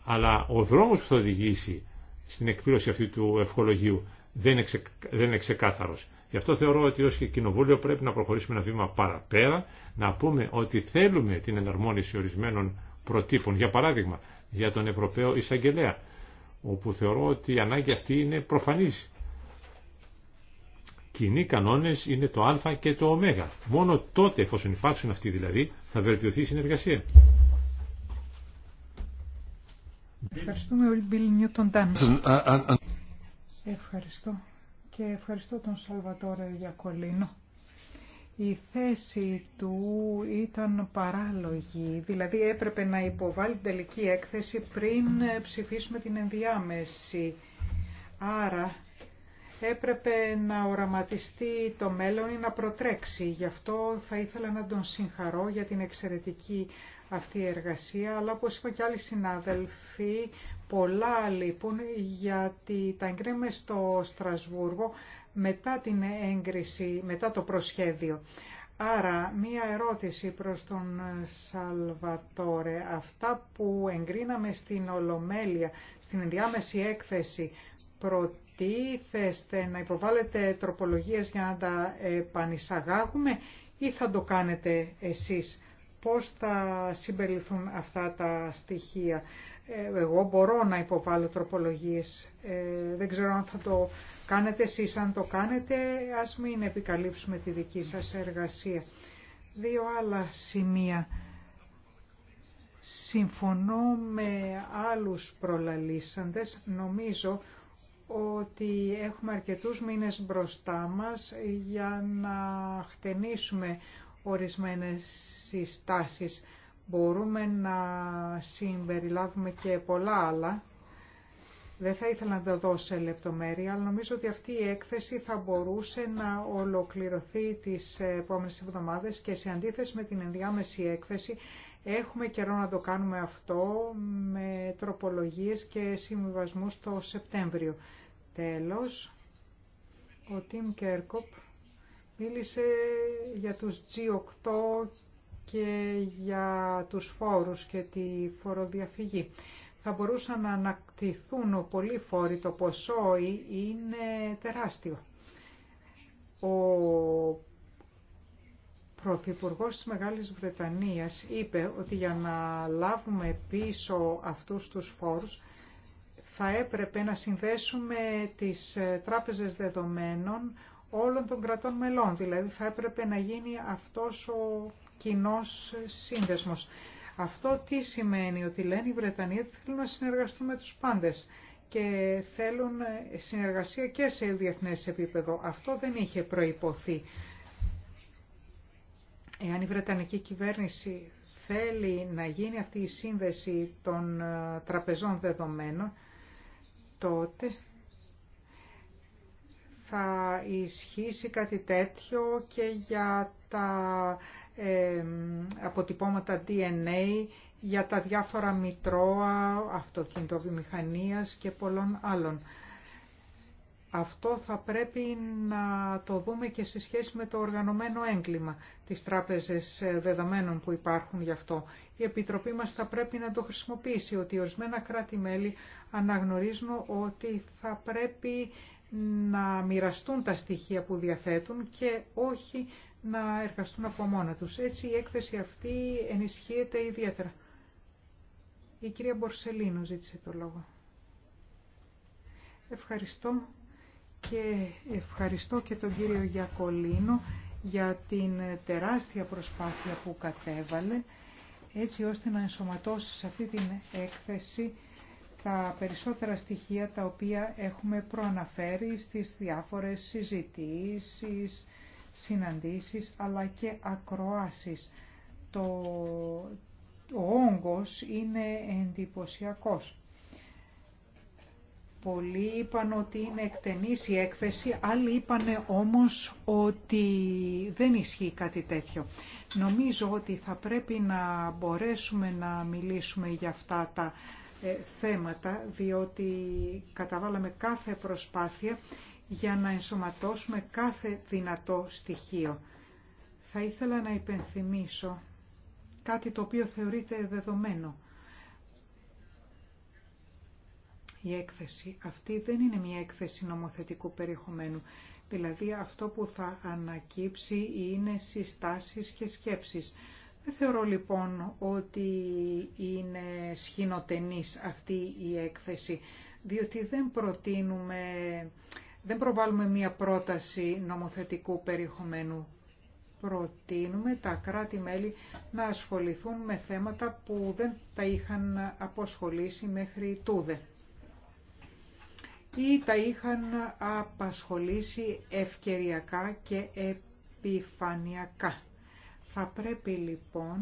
Αλλά ο δρόμος που θα οδηγήσει στην εκπλήρωση αυτή του ευχολογίου δεν είναι, ξεκάθαρος. Γι' αυτό θεωρώ ότι ως και κοινοβούλιο πρέπει να προχωρήσουμε ένα βήμα παραπέρα, να πούμε ότι θέλουμε την εναρμόνιση ορισμένων προτύπων, για παράδειγμα, για τον Ευρωπαίο Εισαγγελέα, όπου θεωρώ ότι η ανάγκη αυτή είναι προφανής. Κοινοί κανόνες είναι το α και το ω. Μόνο τότε, εφόσον υπάρξουν αυτοί δηλαδή, θα βελτιωθεί η συνεργασία. Ευχαριστούμε uh, uh, uh, Ευχαριστώ και ευχαριστώ τον Σαλβατόρε Γιακολίνο. Η θέση του ήταν παράλογη, δηλαδή έπρεπε να υποβάλει την τελική έκθεση πριν ψηφίσουμε την ενδιάμεση. Άρα έπρεπε να οραματιστεί το μέλλον ή να προτρέξει. Γι' αυτό θα ήθελα να τον συγχαρώ για την εξαιρετική αυτή η εργασία, αλλά όπως είπα και άλλοι συνάδελφοι, πολλά λείπουν γιατί τα εγκρίνουμε στο Στρασβούργο μετά την έγκριση, μετά το προσχέδιο. Άρα, μία ερώτηση προς τον Σαλβατόρε. Αυτά που εγκρίναμε στην Ολομέλεια, στην ενδιάμεση έκθεση, προτίθεστε να υποβάλλετε τροπολογίες για να τα επανεισαγάγουμε ή θα το κάνετε εσείς πώς θα συμπεριληφθούν αυτά τα στοιχεία. Ε, εγώ μπορώ να υποβάλω τροπολογίες. Ε, δεν ξέρω αν θα το κάνετε εσείς. Αν το κάνετε, ας μην επικαλύψουμε τη δική σας εργασία. Δύο άλλα σημεία. Συμφωνώ με άλλους προλαλήσαντες. Νομίζω ότι έχουμε αρκετούς μήνες μπροστά μας για να χτενίσουμε ορισμένες συστάσεις. Μπορούμε να συμπεριλάβουμε και πολλά άλλα. Δεν θα ήθελα να τα δώσω σε λεπτομέρεια, αλλά νομίζω ότι αυτή η έκθεση θα μπορούσε να ολοκληρωθεί τις επόμενες εβδομάδες και σε αντίθεση με την ενδιάμεση έκθεση έχουμε καιρό να το κάνουμε αυτό με τροπολογίες και συμβιβασμούς το Σεπτέμβριο. Τέλος, ο Τιμ Κέρκοπ Μίλησε για τους G8 και για τους φόρους και τη φοροδιαφυγή. Θα μπορούσαν να ανακτηθούν πολύ φόροι, το ποσό είναι τεράστιο. Ο Πρωθυπουργός της Μεγάλης Βρετανίας είπε ότι για να λάβουμε πίσω αυτούς τους φόρους θα έπρεπε να συνδέσουμε τις τράπεζες δεδομένων όλων των κρατών μελών. Δηλαδή θα έπρεπε να γίνει αυτός ο κοινός σύνδεσμος. Αυτό τι σημαίνει, ότι λένε οι Βρετανοί ότι θέλουν να συνεργαστούν με τους πάντες και θέλουν συνεργασία και σε διεθνές επίπεδο. Αυτό δεν είχε προϋποθεί. Εάν η Βρετανική κυβέρνηση θέλει να γίνει αυτή η σύνδεση των ε, τραπεζών δεδομένων, τότε θα ισχύσει κάτι τέτοιο και για τα ε, αποτυπώματα DNA, για τα διάφορα μητρώα, αυτοκινητοβιομηχανίας και πολλών άλλων. Αυτό θα πρέπει να το δούμε και σε σχέση με το οργανωμένο έγκλημα, της τράπεζες δεδομένων που υπάρχουν γι' αυτό. Η Επιτροπή μας θα πρέπει να το χρησιμοποιήσει, ότι ορισμένα κράτη-μέλη αναγνωρίζουν ότι θα πρέπει να μοιραστούν τα στοιχεία που διαθέτουν και όχι να εργαστούν από μόνα τους. Έτσι η έκθεση αυτή ενισχύεται ιδιαίτερα. Η κυρία Μπορσελίνο ζήτησε το λόγο. Ευχαριστώ και ευχαριστώ και τον κύριο Γιακολίνο για την τεράστια προσπάθεια που κατέβαλε έτσι ώστε να ενσωματώσει σε αυτή την έκθεση τα περισσότερα στοιχεία τα οποία έχουμε προαναφέρει στις διάφορες συζητήσεις, συναντήσεις αλλά και ακροάσεις. Το, ο όγκος είναι εντυπωσιακός. Πολλοί είπαν ότι είναι εκτενής η έκθεση, άλλοι είπαν όμως ότι δεν ισχύει κάτι τέτοιο. Νομίζω ότι θα πρέπει να μπορέσουμε να μιλήσουμε για αυτά τα ε, θέματα, διότι καταβάλαμε κάθε προσπάθεια για να ενσωματώσουμε κάθε δυνατό στοιχείο. Θα ήθελα να υπενθυμίσω κάτι το οποίο θεωρείται δεδομένο. Η έκθεση αυτή δεν είναι μια έκθεση νομοθετικού περιεχομένου. Δηλαδή αυτό που θα ανακύψει είναι συστάσεις και σκέψεις. Δεν θεωρώ λοιπόν ότι είναι σχηνοτενής αυτή η έκθεση, διότι δεν προτείνουμε, δεν προβάλλουμε μία πρόταση νομοθετικού περιεχομένου. Προτείνουμε τα κράτη-μέλη να ασχοληθούν με θέματα που δεν τα είχαν αποσχολήσει μέχρι τούδε ή τα είχαν απασχολήσει ευκαιριακά και επιφανειακά. Θα πρέπει λοιπόν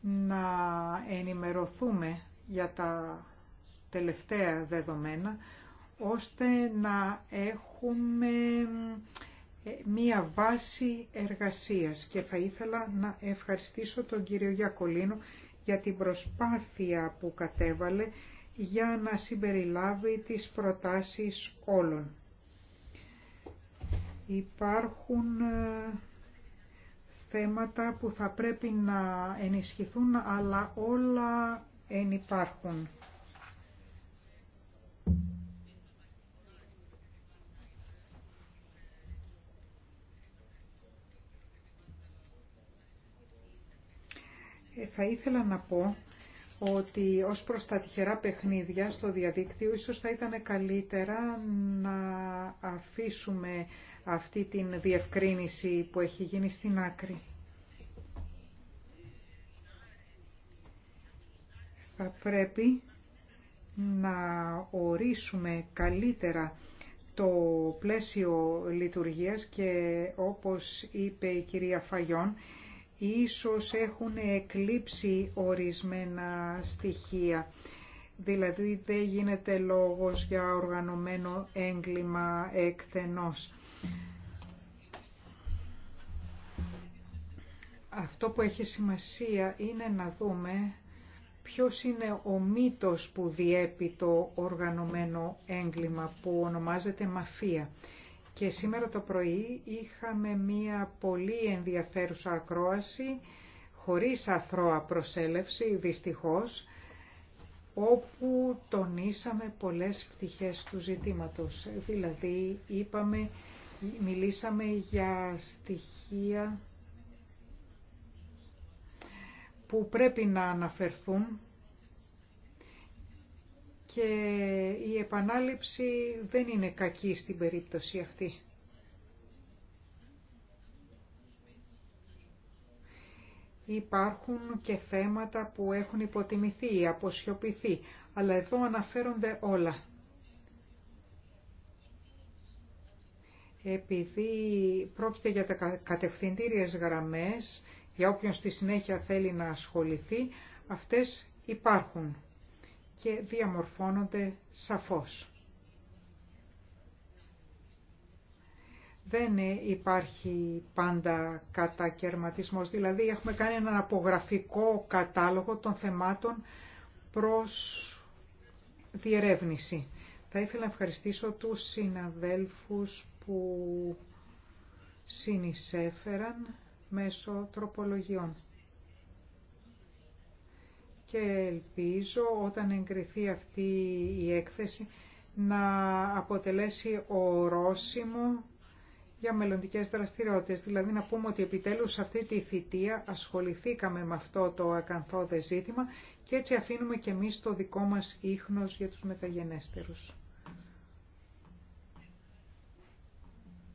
να ενημερωθούμε για τα τελευταία δεδομένα, ώστε να έχουμε ε, μία βάση εργασίας. Και θα ήθελα να ευχαριστήσω τον κύριο Γιακολίνο για την προσπάθεια που κατέβαλε για να συμπεριλάβει τις προτάσεις όλων. Υπάρχουν ε, θέματα που θα πρέπει να ενισχυθούν, αλλά όλα ενυπάρχουν. Ε, θα ήθελα να πω ότι ως προς τα τυχερά παιχνίδια στο διαδίκτυο ίσως θα ήταν καλύτερα να αφήσουμε αυτή την διευκρίνηση που έχει γίνει στην άκρη. Θα πρέπει να ορίσουμε καλύτερα το πλαίσιο λειτουργίας και όπως είπε η κυρία Φαγιόν, ίσως έχουν εκλείψει ορισμένα στοιχεία. Δηλαδή δεν γίνεται λόγος για οργανωμένο έγκλημα εκτενώς. Αυτό που έχει σημασία είναι να δούμε ποιος είναι ο μύτος που διέπει το οργανωμένο έγκλημα που ονομάζεται μαφία. Και σήμερα το πρωί είχαμε μία πολύ ενδιαφέρουσα ακρόαση, χωρίς αθρώα προσέλευση, δυστυχώς, όπου τονίσαμε πολλές πτυχές του ζητήματος. Δηλαδή, είπαμε, μιλήσαμε για στοιχεία που πρέπει να αναφερθούν και η επανάληψη δεν είναι κακή στην περίπτωση αυτή. Υπάρχουν και θέματα που έχουν υποτιμηθεί ή αποσιωπηθεί, αλλά εδώ αναφέρονται όλα. Επειδή πρόκειται για τα κατευθυντήριες γραμμές, για όποιον στη συνέχεια θέλει να ασχοληθεί, αυτές υπάρχουν και διαμορφώνονται σαφώς. Δεν ε, υπάρχει πάντα κατακαιρματισμός, δηλαδή έχουμε κάνει έναν απογραφικό κατάλογο των θεμάτων προς διερεύνηση. Θα ήθελα να ευχαριστήσω τους συναδέλφους που συνεισέφεραν μέσω τροπολογιών και ελπίζω όταν εγκριθεί αυτή η έκθεση να αποτελέσει ορόσημο για μελλοντικές δραστηριότητες. Δηλαδή να πούμε ότι επιτέλους σε αυτή τη θητεία ασχοληθήκαμε με αυτό το ακαθόδε ζήτημα και έτσι αφήνουμε και εμείς το δικό μας ίχνος για τους μεταγενέστερους.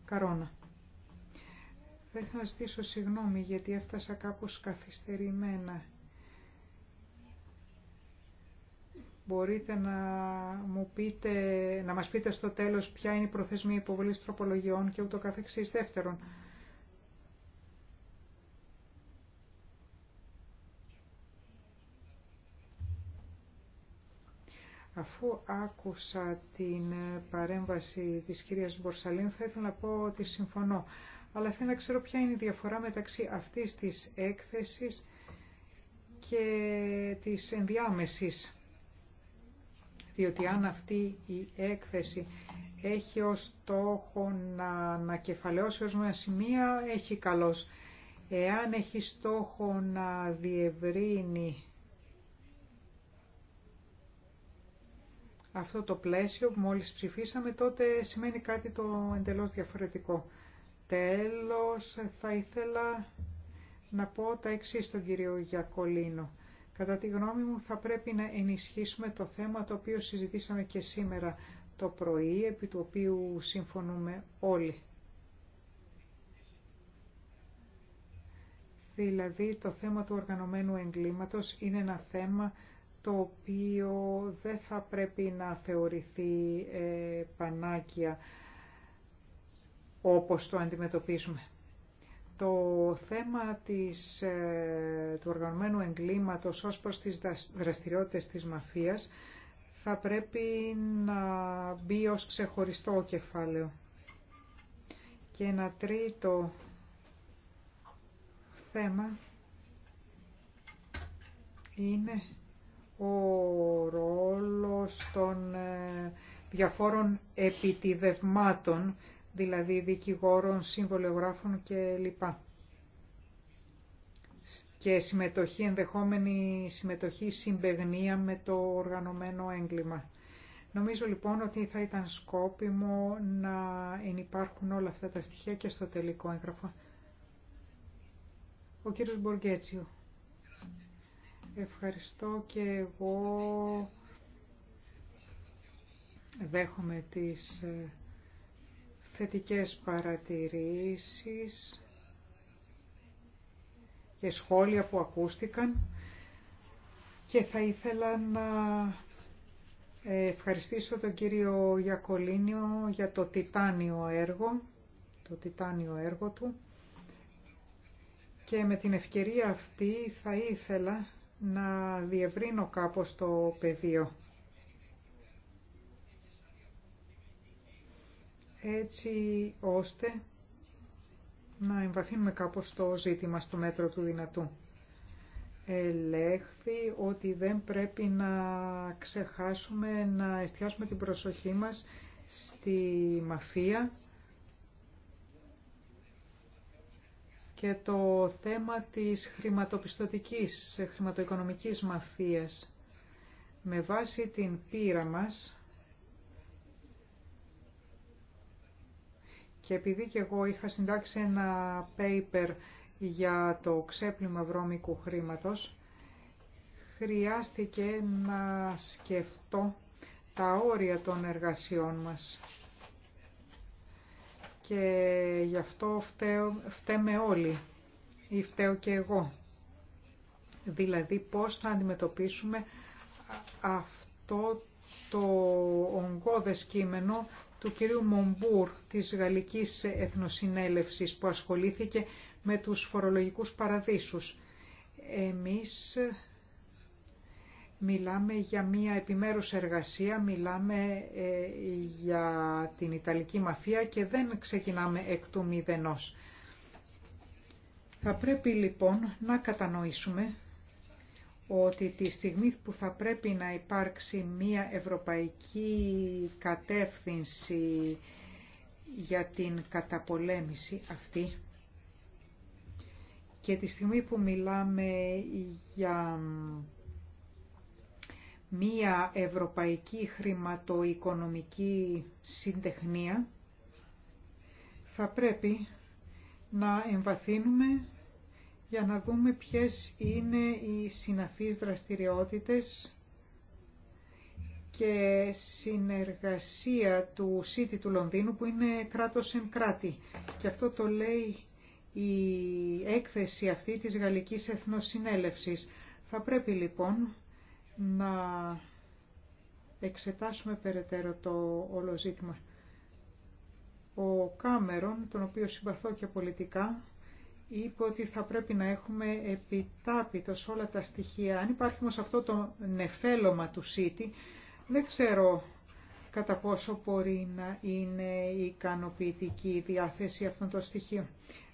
Καρόνα. Θα ήθελα ζητήσω συγγνώμη γιατί έφτασα κάπως καθυστερημένα Μπορείτε να, μου πείτε, να μας πείτε στο τέλος ποια είναι η προθεσμία υποβολής τροπολογιών και ούτω καθεξής δεύτερον. Αφού άκουσα την παρέμβαση της κυρίας Μπορσαλίν, θα ήθελα να πω ότι συμφωνώ. Αλλά θέλω να ξέρω ποια είναι η διαφορά μεταξύ αυτής της έκθεσης και της ενδιάμεσης διότι αν αυτή η έκθεση έχει ως στόχο να ανακεφαλαιώσει μία σημεία, έχει καλός. Εάν έχει στόχο να διευρύνει αυτό το πλαίσιο που μόλις ψηφίσαμε, τότε σημαίνει κάτι το εντελώς διαφορετικό. Τέλος, θα ήθελα να πω τα εξής στον κύριο Γιακολίνο. Κατά τη γνώμη μου θα πρέπει να ενισχύσουμε το θέμα το οποίο συζητήσαμε και σήμερα το πρωί, επί του οποίου συμφωνούμε όλοι. Δηλαδή το θέμα του οργανωμένου εγκλήματος είναι ένα θέμα το οποίο δεν θα πρέπει να θεωρηθεί ε, πανάκια όπως το αντιμετωπίζουμε το θέμα της, ε, του οργανωμένου εγκλήματος ως προς τις δραστηριότητες της μαφίας θα πρέπει να μπει ως ξεχωριστό κεφάλαιο. Και ένα τρίτο θέμα είναι ο ρόλος των ε, διαφόρων επιτιδευμάτων δηλαδή δικηγόρων, συμβολεογράφων κλπ. Και συμμετοχή, ενδεχόμενη συμμετοχή συμπεγνία με το οργανωμένο έγκλημα. Νομίζω λοιπόν ότι θα ήταν σκόπιμο να υπάρχουν όλα αυτά τα στοιχεία και στο τελικό έγγραφο. Ο κύριος Μποργέτσιο. Ευχαριστώ και εγώ δέχομαι τις ε, θετικές παρατηρήσεις και σχόλια που ακούστηκαν και θα ήθελα να ευχαριστήσω τον κύριο Γιακολίνιο για το τιτάνιο έργο, το τιτάνιο έργο του και με την ευκαιρία αυτή θα ήθελα να διευρύνω κάπως το πεδίο έτσι ώστε να εμβαθύνουμε κάπως το ζήτημα στο μέτρο του δυνατού. Ελέγχθη ότι δεν πρέπει να ξεχάσουμε να εστιάσουμε την προσοχή μας στη μαφία και το θέμα της χρηματοπιστωτικής, χρηματοοικονομικής μαφίας. Με βάση την πείρα μας, Και επειδή και εγώ είχα συντάξει ένα paper για το ξέπλυμα βρώμικου χρήματος, χρειάστηκε να σκεφτώ τα όρια των εργασιών μας. Και γι' αυτό φταίω, φταίμε όλοι ή φταίω και εγώ. Δηλαδή πώς θα αντιμετωπίσουμε αυτό το ογκώδες κείμενο του κυρίου Μομπούρ της Γαλλικής Εθνοσυνέλευσης που ασχολήθηκε με τους φορολογικούς παραδείσους. Εμείς μιλάμε για μία επιμέρους εργασία, μιλάμε ε, για την Ιταλική μαφία και δεν ξεκινάμε εκ του μηδενός. Θα πρέπει λοιπόν να κατανοήσουμε ότι τη στιγμή που θα πρέπει να υπάρξει μία ευρωπαϊκή κατεύθυνση για την καταπολέμηση αυτή και τη στιγμή που μιλάμε για μία ευρωπαϊκή χρηματοοικονομική συντεχνία θα πρέπει να εμβαθύνουμε για να δούμε ποιες είναι οι συναφείς δραστηριότητες και συνεργασία του City του Λονδίνου που είναι κράτος εν κράτη. Και αυτό το λέει η έκθεση αυτή της Γαλλικής Εθνοσυνέλευσης. Θα πρέπει λοιπόν να εξετάσουμε περαιτέρω το όλο ζήτημα. Ο Κάμερον, τον οποίο συμπαθώ και πολιτικά, είπε ότι θα πρέπει να έχουμε επιτάπητος όλα τα στοιχεία. Αν υπάρχει όμως αυτό το νεφέλωμα του ΣΥΤΙ, δεν ξέρω κατά πόσο μπορεί να είναι ικανοποιητική η διάθεση αυτών των στοιχείων.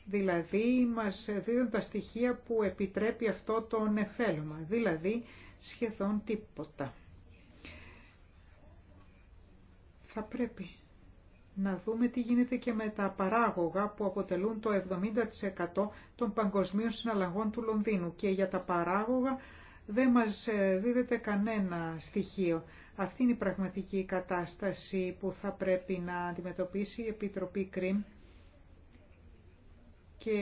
Δηλαδή, μας δίνουν τα στοιχεία που επιτρέπει αυτό το νεφέλωμα, δηλαδή σχεδόν τίποτα. Θα πρέπει να δούμε τι γίνεται και με τα παράγωγα που αποτελούν το 70% των παγκοσμίων συναλλαγών του Λονδίνου και για τα παράγωγα δεν μας ε, δίδεται κανένα στοιχείο. Αυτή είναι η πραγματική κατάσταση που θα πρέπει να αντιμετωπίσει η Επιτροπή ΚΡΙΜ και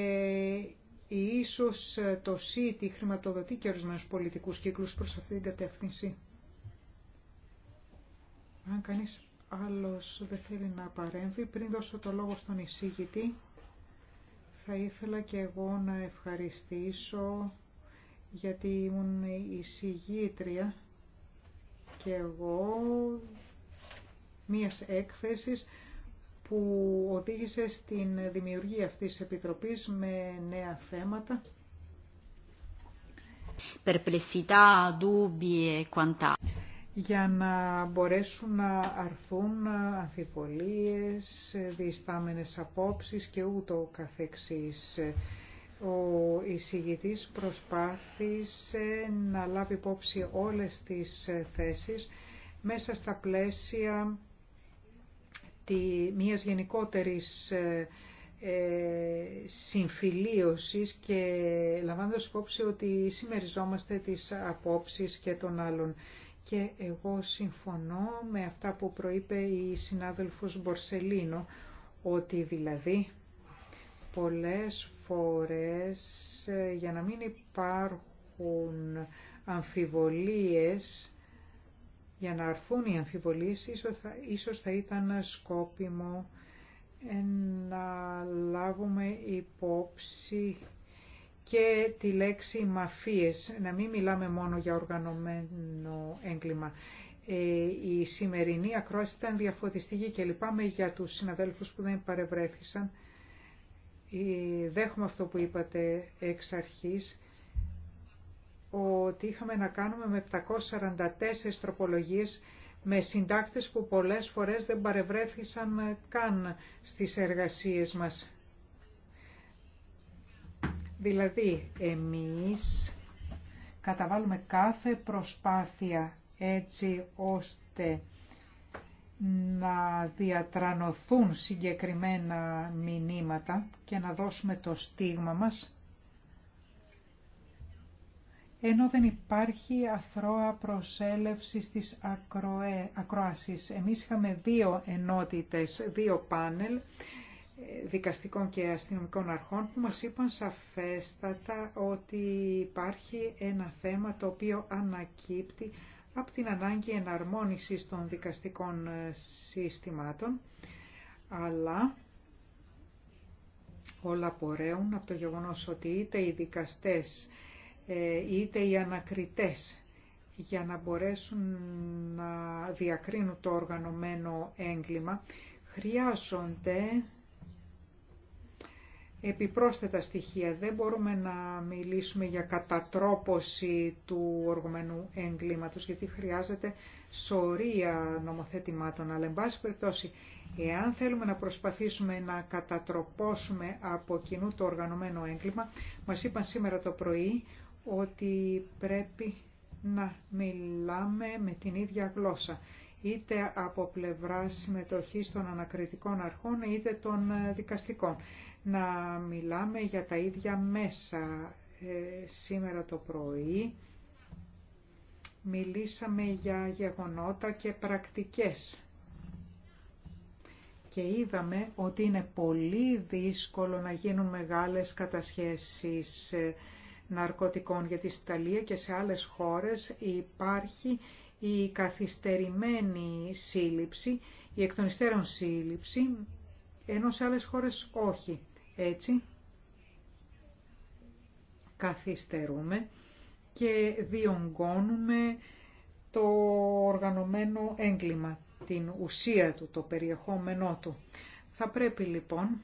ίσως ε, το ΣΥΤΙ χρηματοδοτεί και ορισμένου πολιτικούς κύκλους προς αυτή την κατεύθυνση. Αν κανείς άλλος δεν θέλει να παρέμβει, πριν δώσω το λόγο στον εισήγητη, θα ήθελα και εγώ να ευχαριστήσω γιατί ήμουν εισηγήτρια και εγώ μίας έκθεσης που οδήγησε στην δημιουργία αυτής της Επιτροπής με νέα θέματα. Perplessità, e για να μπορέσουν να αρθούν αμφιβολίες, διστάμενες απόψεις και ούτω καθεξής. Ο εισηγητής προσπάθησε να λάβει υπόψη όλες τις θέσεις μέσα στα πλαίσια τη, μιας γενικότερης ε, ε, συμφιλίωσης και λαμβάνοντας υπόψη ότι συμμεριζόμαστε τις απόψεις και των άλλων και εγώ συμφωνώ με αυτά που προείπε η συνάδελφος Μπορσελίνο, ότι δηλαδή πολλές φορές ε, για να μην υπάρχουν αμφιβολίες, για να αρθούν οι αμφιβολίες, ίσως θα, ίσως θα ήταν σκόπιμο να λάβουμε υπόψη και τη λέξη μαφίες, να μην μιλάμε μόνο για οργανωμένο έγκλημα. Ε, η σημερινή ακρόαση ήταν διαφωτιστική και λυπάμαι για τους συναδέλφους που δεν παρευρέθησαν. Ε, δέχομαι αυτό που είπατε εξ αρχής, ότι είχαμε να κάνουμε με 744 τροπολογίες με συντάκτες που πολλές φορές δεν παρευρέθησαν καν στις εργασίες μας. Δηλαδή, εμείς καταβάλουμε κάθε προσπάθεια έτσι ώστε να διατρανωθούν συγκεκριμένα μηνύματα και να δώσουμε το στίγμα μας, ενώ δεν υπάρχει αθρώα προσέλευση στις ακροέ, ακροάσεις. Εμείς είχαμε δύο ενότητες, δύο πάνελ δικαστικών και αστυνομικών αρχών που μας είπαν σαφέστατα ότι υπάρχει ένα θέμα το οποίο ανακύπτει από την ανάγκη εναρμόνισης των δικαστικών ε, συστημάτων, αλλά όλα πορεύουν από το γεγονός ότι είτε οι δικαστές ε, είτε οι ανακριτές για να μπορέσουν να διακρίνουν το οργανωμένο έγκλημα χρειάζονται επιπρόσθετα στοιχεία. Δεν μπορούμε να μιλήσουμε για κατατρόπωση του οργωμένου εγκλήματος, γιατί χρειάζεται σωρία νομοθετημάτων. Αλλά, εν πάση περιπτώσει, εάν θέλουμε να προσπαθήσουμε να κατατροπώσουμε από κοινού το οργανωμένο έγκλημα, μας είπαν σήμερα το πρωί ότι πρέπει να μιλάμε με την ίδια γλώσσα είτε από πλευρά συμμετοχής των ανακριτικών αρχών είτε των δικαστικών να μιλάμε για τα ίδια μέσα. Ε, σήμερα το πρωί μιλήσαμε για γεγονότα και πρακτικές και είδαμε ότι είναι πολύ δύσκολο να γίνουν μεγάλες κατασχέσεις ε, ναρκωτικών για τη Ιταλία και σε άλλες χώρες υπάρχει η καθυστερημένη σύλληψη, η εκτονιστέρων των σύλληψη, ενώ σε άλλες χώρες όχι. Έτσι, καθυστερούμε και διονγκώνουμε το οργανωμένο έγκλημα, την ουσία του, το περιεχόμενό του. Θα πρέπει λοιπόν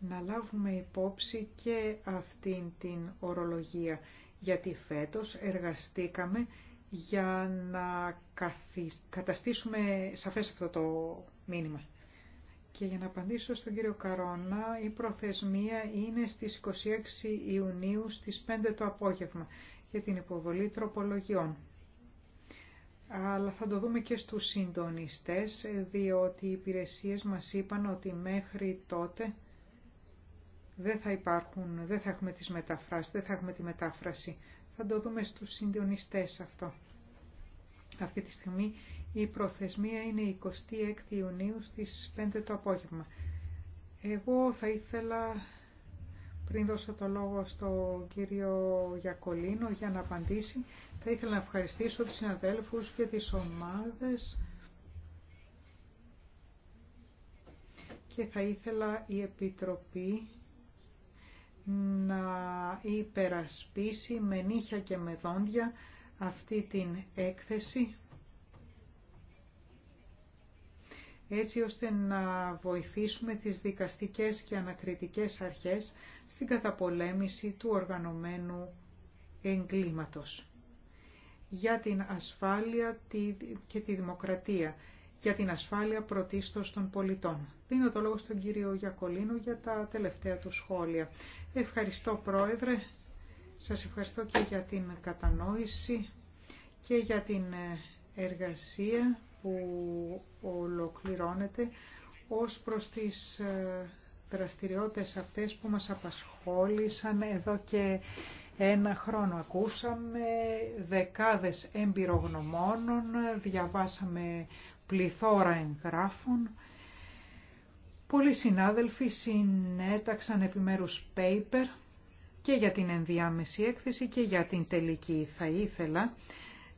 να λάβουμε υπόψη και αυτήν την ορολογία, γιατί φέτος εργαστήκαμε για να καταστήσουμε σαφές αυτό το μήνυμα. Και για να απαντήσω στον κύριο Καρόνα, η προθεσμία είναι στις 26 Ιουνίου στις 5 το απόγευμα για την υποβολή τροπολογιών. Αλλά θα το δούμε και στους συντονιστές, διότι οι υπηρεσίες μας είπαν ότι μέχρι τότε δεν θα υπάρχουν, δεν θα έχουμε τις μεταφράσεις, δεν θα έχουμε τη μετάφραση. Θα το δούμε στους συντονιστές αυτό. Αυτή τη στιγμή η προθεσμία είναι 26 Ιουνίου στις 5 το απόγευμα. Εγώ θα ήθελα πριν δώσω το λόγο στο κύριο Γιακολίνο για να απαντήσει, θα ήθελα να ευχαριστήσω τους συναδέλφους και τις ομάδες και θα ήθελα η Επιτροπή να υπερασπίσει με νύχια και με δόντια αυτή την έκθεση έτσι ώστε να βοηθήσουμε τις δικαστικές και ανακριτικές αρχές στην καταπολέμηση του οργανωμένου εγκλήματος. Για την ασφάλεια και τη δημοκρατία, για την ασφάλεια πρωτίστως των πολιτών. Δίνω το λόγο στον κύριο Γιακολίνο για τα τελευταία του σχόλια. Ευχαριστώ Πρόεδρε, σας ευχαριστώ και για την κατανόηση και για την ε, εργασία που ολοκληρώνεται ως προς τις ε, δραστηριότητες αυτές που μας απασχόλησαν εδώ και ένα χρόνο. Ακούσαμε δεκάδες εμπειρογνωμόνων, διαβάσαμε πληθώρα εγγράφων. Πολλοί συνάδελφοι συνέταξαν επιμέρους paper και για την ενδιάμεση έκθεση και για την τελική. Θα ήθελα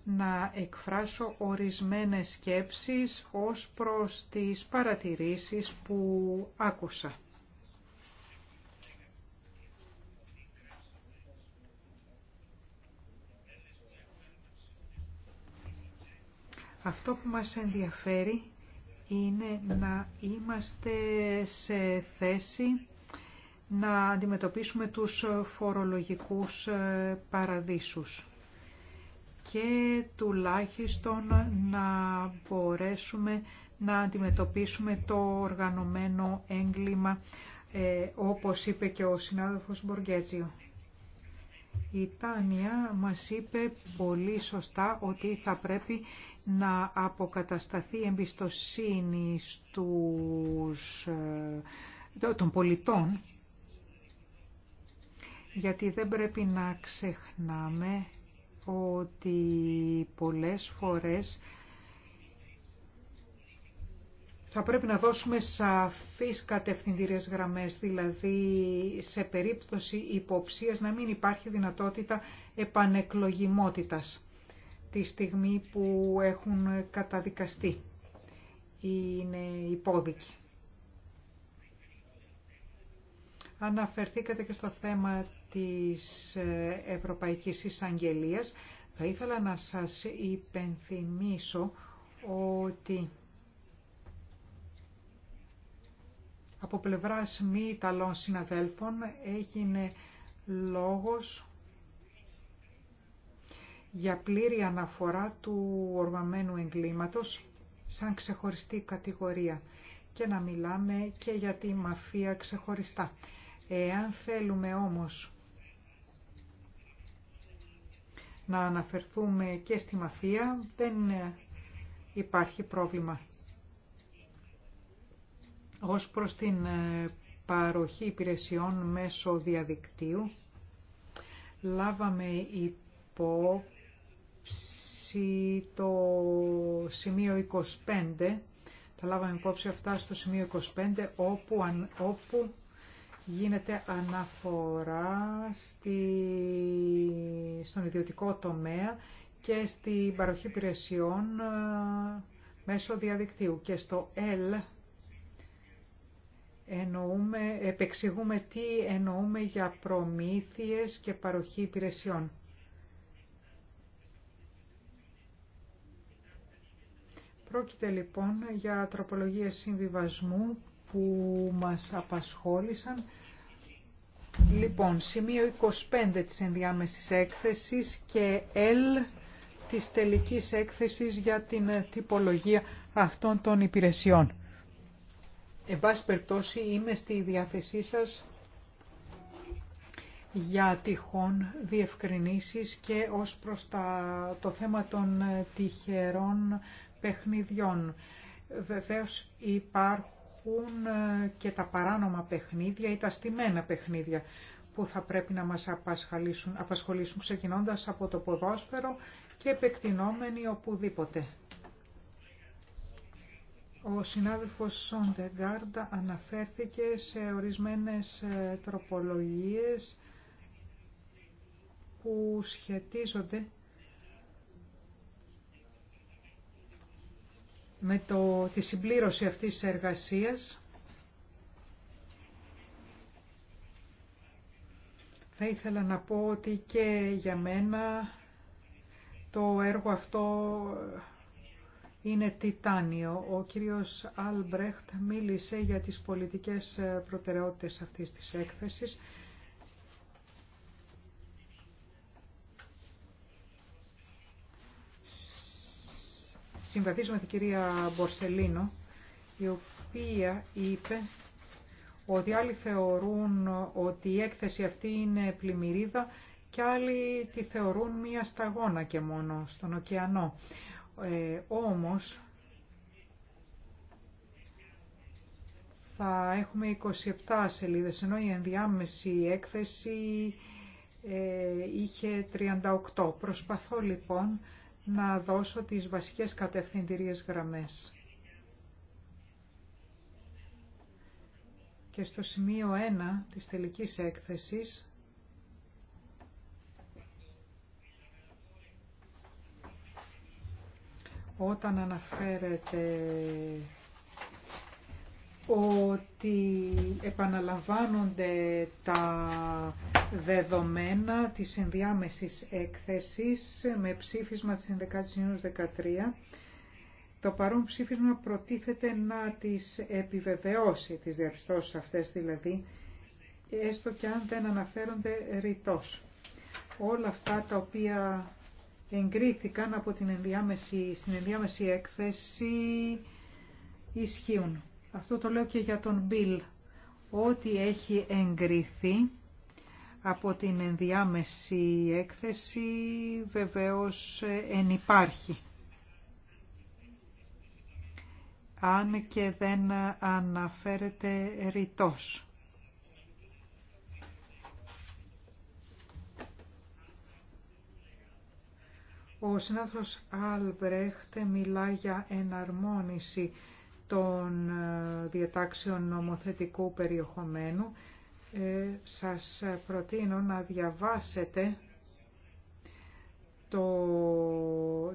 να εκφράσω ορισμένες σκέψεις ως προς τις παρατηρήσεις που άκουσα. Αυτό που μας ενδιαφέρει είναι να είμαστε σε θέση να αντιμετωπίσουμε τους φορολογικούς παραδείσους και τουλάχιστον να μπορέσουμε να αντιμετωπίσουμε το οργανωμένο έγκλημα, ε, όπως είπε και ο συνάδελφος Μποργέτζιο. Η Τάνια μας είπε πολύ σωστά ότι θα πρέπει να αποκατασταθεί εμπιστοσύνη στους, ε, των πολιτών, γιατί δεν πρέπει να ξεχνάμε ότι πολλές φορές θα πρέπει να δώσουμε σαφείς κατευθυντήριες γραμμές, δηλαδή σε περίπτωση υποψίας να μην υπάρχει δυνατότητα επανεκλογιμότητας τη στιγμή που έχουν καταδικαστεί ή είναι υπόδικοι. Αναφερθήκατε και στο θέμα της ε, Ευρωπαϊκής Εισαγγελίας. Θα ήθελα να σας υπενθυμίσω ότι από πλευράς μη Ιταλών συναδέλφων έγινε λόγος για πλήρη αναφορά του οργανωμένου εγκλήματος σαν ξεχωριστή κατηγορία και να μιλάμε και για τη μαφία ξεχωριστά. Εάν θέλουμε όμως να αναφερθούμε και στη μαφία, δεν υπάρχει πρόβλημα. Ως προς την ε, παροχή υπηρεσιών μέσω διαδικτύου, λάβαμε υπόψη το σημείο 25, τα λάβαμε υπόψη αυτά στο σημείο 25, όπου, όπου γίνεται αναφορά στη... στον ιδιωτικό τομέα και στην παροχή υπηρεσιών ε, μέσω διαδικτύου. Και στο L εννοούμε, επεξηγούμε τι εννοούμε για προμήθειες και παροχή υπηρεσιών. Πρόκειται λοιπόν για τροπολογίες συμβιβασμού που μας απασχόλησαν Λοιπόν, σημείο 25 της ενδιάμεσης έκθεσης και L της τελικής έκθεσης για την ε, τυπολογία αυτών των υπηρεσιών. Εν πάση περιπτώσει είμαι στη διάθεσή σας για τυχόν διευκρινήσεις και ως προς το θέμα των ε, τυχερών παιχνιδιών. Βεβαίως υπάρχουν υπάρχουν ε, και τα παράνομα παιχνίδια ή τα στημένα παιχνίδια που θα πρέπει να μας απασχολήσουν, απασχολήσουν ξεκινώντας από το ποδόσφαιρο και επεκτηνόμενοι οπουδήποτε. Ο συνάδελφος Σοντεγκάρντα αναφέρθηκε σε ορισμένες ε, τροπολογίες που σχετίζονται με το, τη συμπλήρωση αυτής της εργασίας. Θα ήθελα να πω ότι και για μένα το έργο αυτό είναι τιτάνιο. Ο κύριος Αλμπρέχτ μίλησε για τις πολιτικές προτεραιότητες αυτής της έκθεσης Συμβαδίζω με την κυρία Μπορσελίνο, η οποία είπε ότι άλλοι θεωρούν ότι η έκθεση αυτή είναι πλημμυρίδα και άλλοι τη θεωρούν μία σταγόνα και μόνο στον ωκεανό. Ε, όμως, θα έχουμε 27 σελίδες, ενώ η ενδιάμεση έκθεση ε, είχε 38. Προσπαθώ λοιπόν να δώσω τις βασικές κατευθυντηρίες γραμμές. Και στο σημείο 1 της τελικής έκθεσης όταν αναφέρεται ότι επαναλαμβάνονται τα δεδομένα της ενδιάμεσης έκθεσης με ψήφισμα της 11ης 13. Το παρόν ψήφισμα προτίθεται να τις επιβεβαιώσει, τις διαπιστώσεις αυτές δηλαδή, έστω και αν δεν αναφέρονται ρητός. Όλα αυτά τα οποία εγκρίθηκαν από την ενδιάμεση, στην ενδιάμεση έκθεση ισχύουν. Αυτό το λέω και για τον Μπιλ. Ό,τι έχει εγκριθεί από την ενδιάμεση έκθεση βεβαίως ε, ενυπάρχει. Αν και δεν αναφέρεται ρητός. Ο συνάδελφος Άλμπρεχτ μιλά για εναρμόνιση των ε, διατάξεων νομοθετικού περιεχομένου ε, σας προτείνω να διαβάσετε το,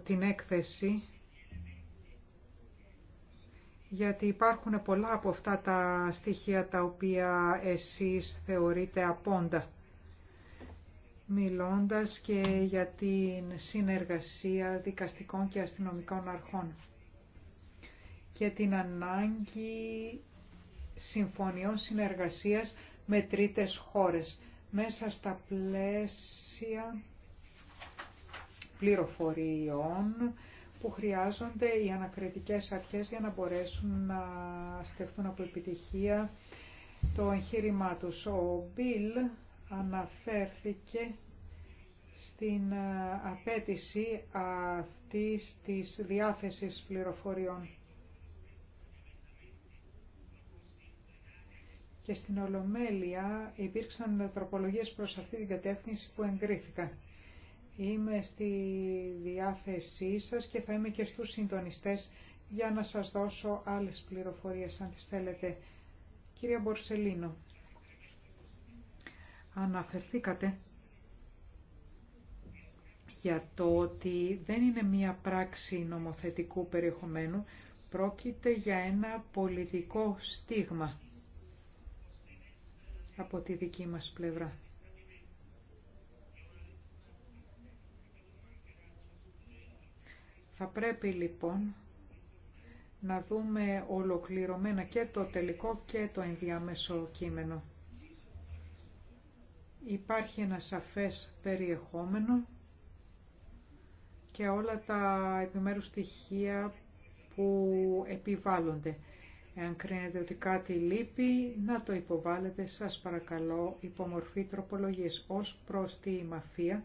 την έκθεση γιατί υπάρχουν πολλά από αυτά τα στοιχεία τα οποία εσείς θεωρείτε απόντα μιλώντας και για την συνεργασία δικαστικών και αστυνομικών αρχών και την ανάγκη συμφωνιών συνεργασίας με τρίτες χώρες μέσα στα πλαίσια πληροφοριών που χρειάζονται οι ανακριτικές αρχές για να μπορέσουν να στεφτούν από επιτυχία το εγχείρημά τους. Ο Μπιλ αναφέρθηκε στην απέτηση αυτής της διάθεσης πληροφοριών. και στην Ολομέλεια υπήρξαν τροπολογίες προς αυτή την κατεύθυνση που εγκρίθηκαν. Είμαι στη διάθεσή σας και θα είμαι και στους συντονιστές για να σας δώσω άλλες πληροφορίες αν τις θέλετε. Κυρία Μπορσελίνο, αναφερθήκατε για το ότι δεν είναι μία πράξη νομοθετικού περιεχομένου, πρόκειται για ένα πολιτικό στίγμα από τη δική μας πλευρά. Θα πρέπει λοιπόν να δούμε ολοκληρωμένα και το τελικό και το ενδιάμεσο κείμενο. Υπάρχει ένα σαφές περιεχόμενο και όλα τα επιμέρους στοιχεία που επιβάλλονται. Εάν κρίνετε ότι κάτι λείπει, να το υποβάλλετε σας παρακαλώ υπομορφή τροπολογίες ως προς τη μαφία.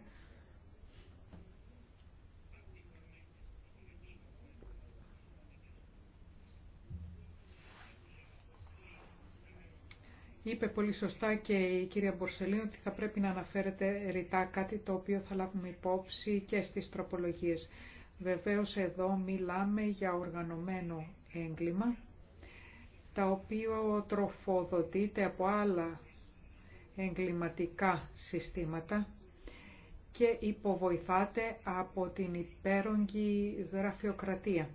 Είπε πολύ σωστά και η κυρία Μπορσελίνο ότι θα πρέπει να αναφέρεται ρητά κάτι το οποίο θα λάβουμε υπόψη και στις τροπολογίες. Βεβαίως εδώ μιλάμε για οργανωμένο έγκλημα τα οποία τροφοδοτείται από άλλα εγκληματικά συστήματα και υποβοηθάται από την υπέρογγη γραφειοκρατία.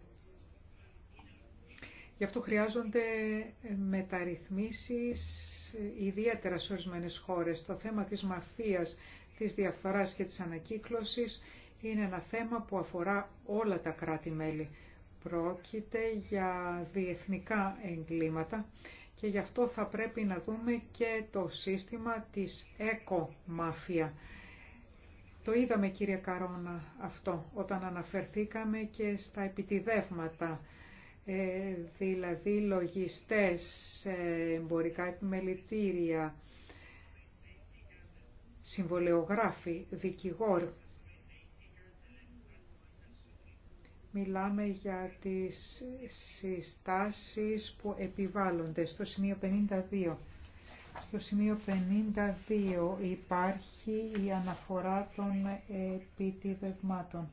Γι' αυτό χρειάζονται μεταρρυθμίσεις ιδιαίτερα σε ορισμένε χώρες. Το θέμα της μαφίας, της διαφθοράς και της ανακύκλωσης είναι ένα θέμα που αφορά όλα τα κράτη-μέλη. Πρόκειται για διεθνικά εγκλήματα και γι' αυτό θα πρέπει να δούμε και το σύστημα της ΕΚΟ-ΜΑΦΙΑ. Το είδαμε κύριε Καρόνα αυτό όταν αναφερθήκαμε και στα επιτιδεύματα, ε, δηλαδή λογιστές, ε, εμπορικά επιμελητήρια, συμβολεογράφοι, δικηγόροι. Μιλάμε για τις συστάσεις που επιβάλλονται στο σημείο 52. Στο σημείο 52 υπάρχει η αναφορά των επιτιδευμάτων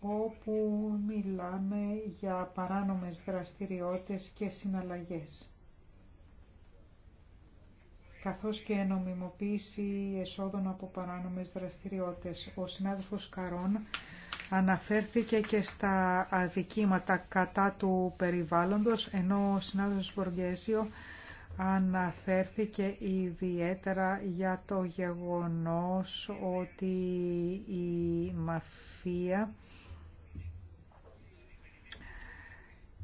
όπου μιλάμε για παράνομες δραστηριότητες και συναλλαγές καθώς και νομιμοποίηση εσόδων από παράνομες δραστηριότητες. Ο συνάδελφος Καρών Αναφέρθηκε και στα αδικήματα κατά του περιβάλλοντος, ενώ ο συνάδελφος Βοργέσιο αναφέρθηκε ιδιαίτερα για το γεγονός ότι η μαφία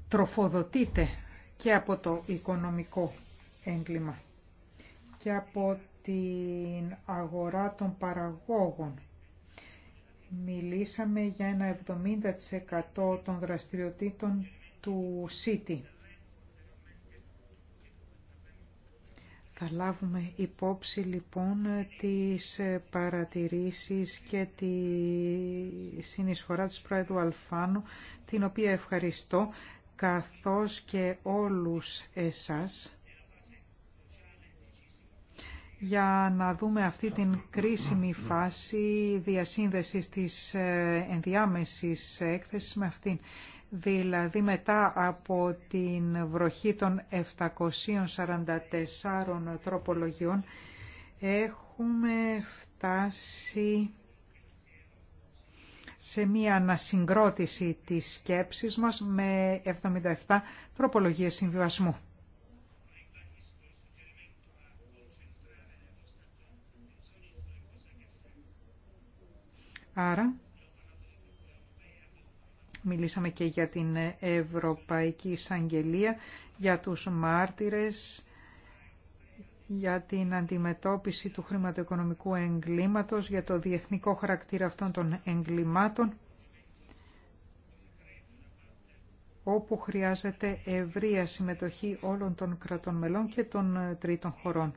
τροφοδοτείται και από το οικονομικό έγκλημα και από την αγορά των παραγόγων Μιλήσαμε για ένα 70% των δραστηριοτήτων του City. Θα λάβουμε υπόψη λοιπόν τις παρατηρήσεις και τη συνεισφορά της Πρόεδρου Αλφάνου, την οποία ευχαριστώ, καθώς και όλους εσάς για να δούμε αυτή την κρίσιμη φάση διασύνδεσης της ε, ενδιάμεσης έκθεσης με αυτήν. Δηλαδή μετά από την βροχή των 744 τροπολογιών έχουμε φτάσει σε μία ανασυγκρότηση της σκέψης μας με 77 τροπολογίες συμβιβασμού. Άρα, μιλήσαμε και για την Ευρωπαϊκή Εισαγγελία, για τους μάρτυρες, για την αντιμετώπιση του χρηματοοικονομικού εγκλήματος, για το διεθνικό χαρακτήρα αυτών των εγκλημάτων, όπου χρειάζεται ευρεία συμμετοχή όλων των κρατών μελών και των τρίτων χωρών.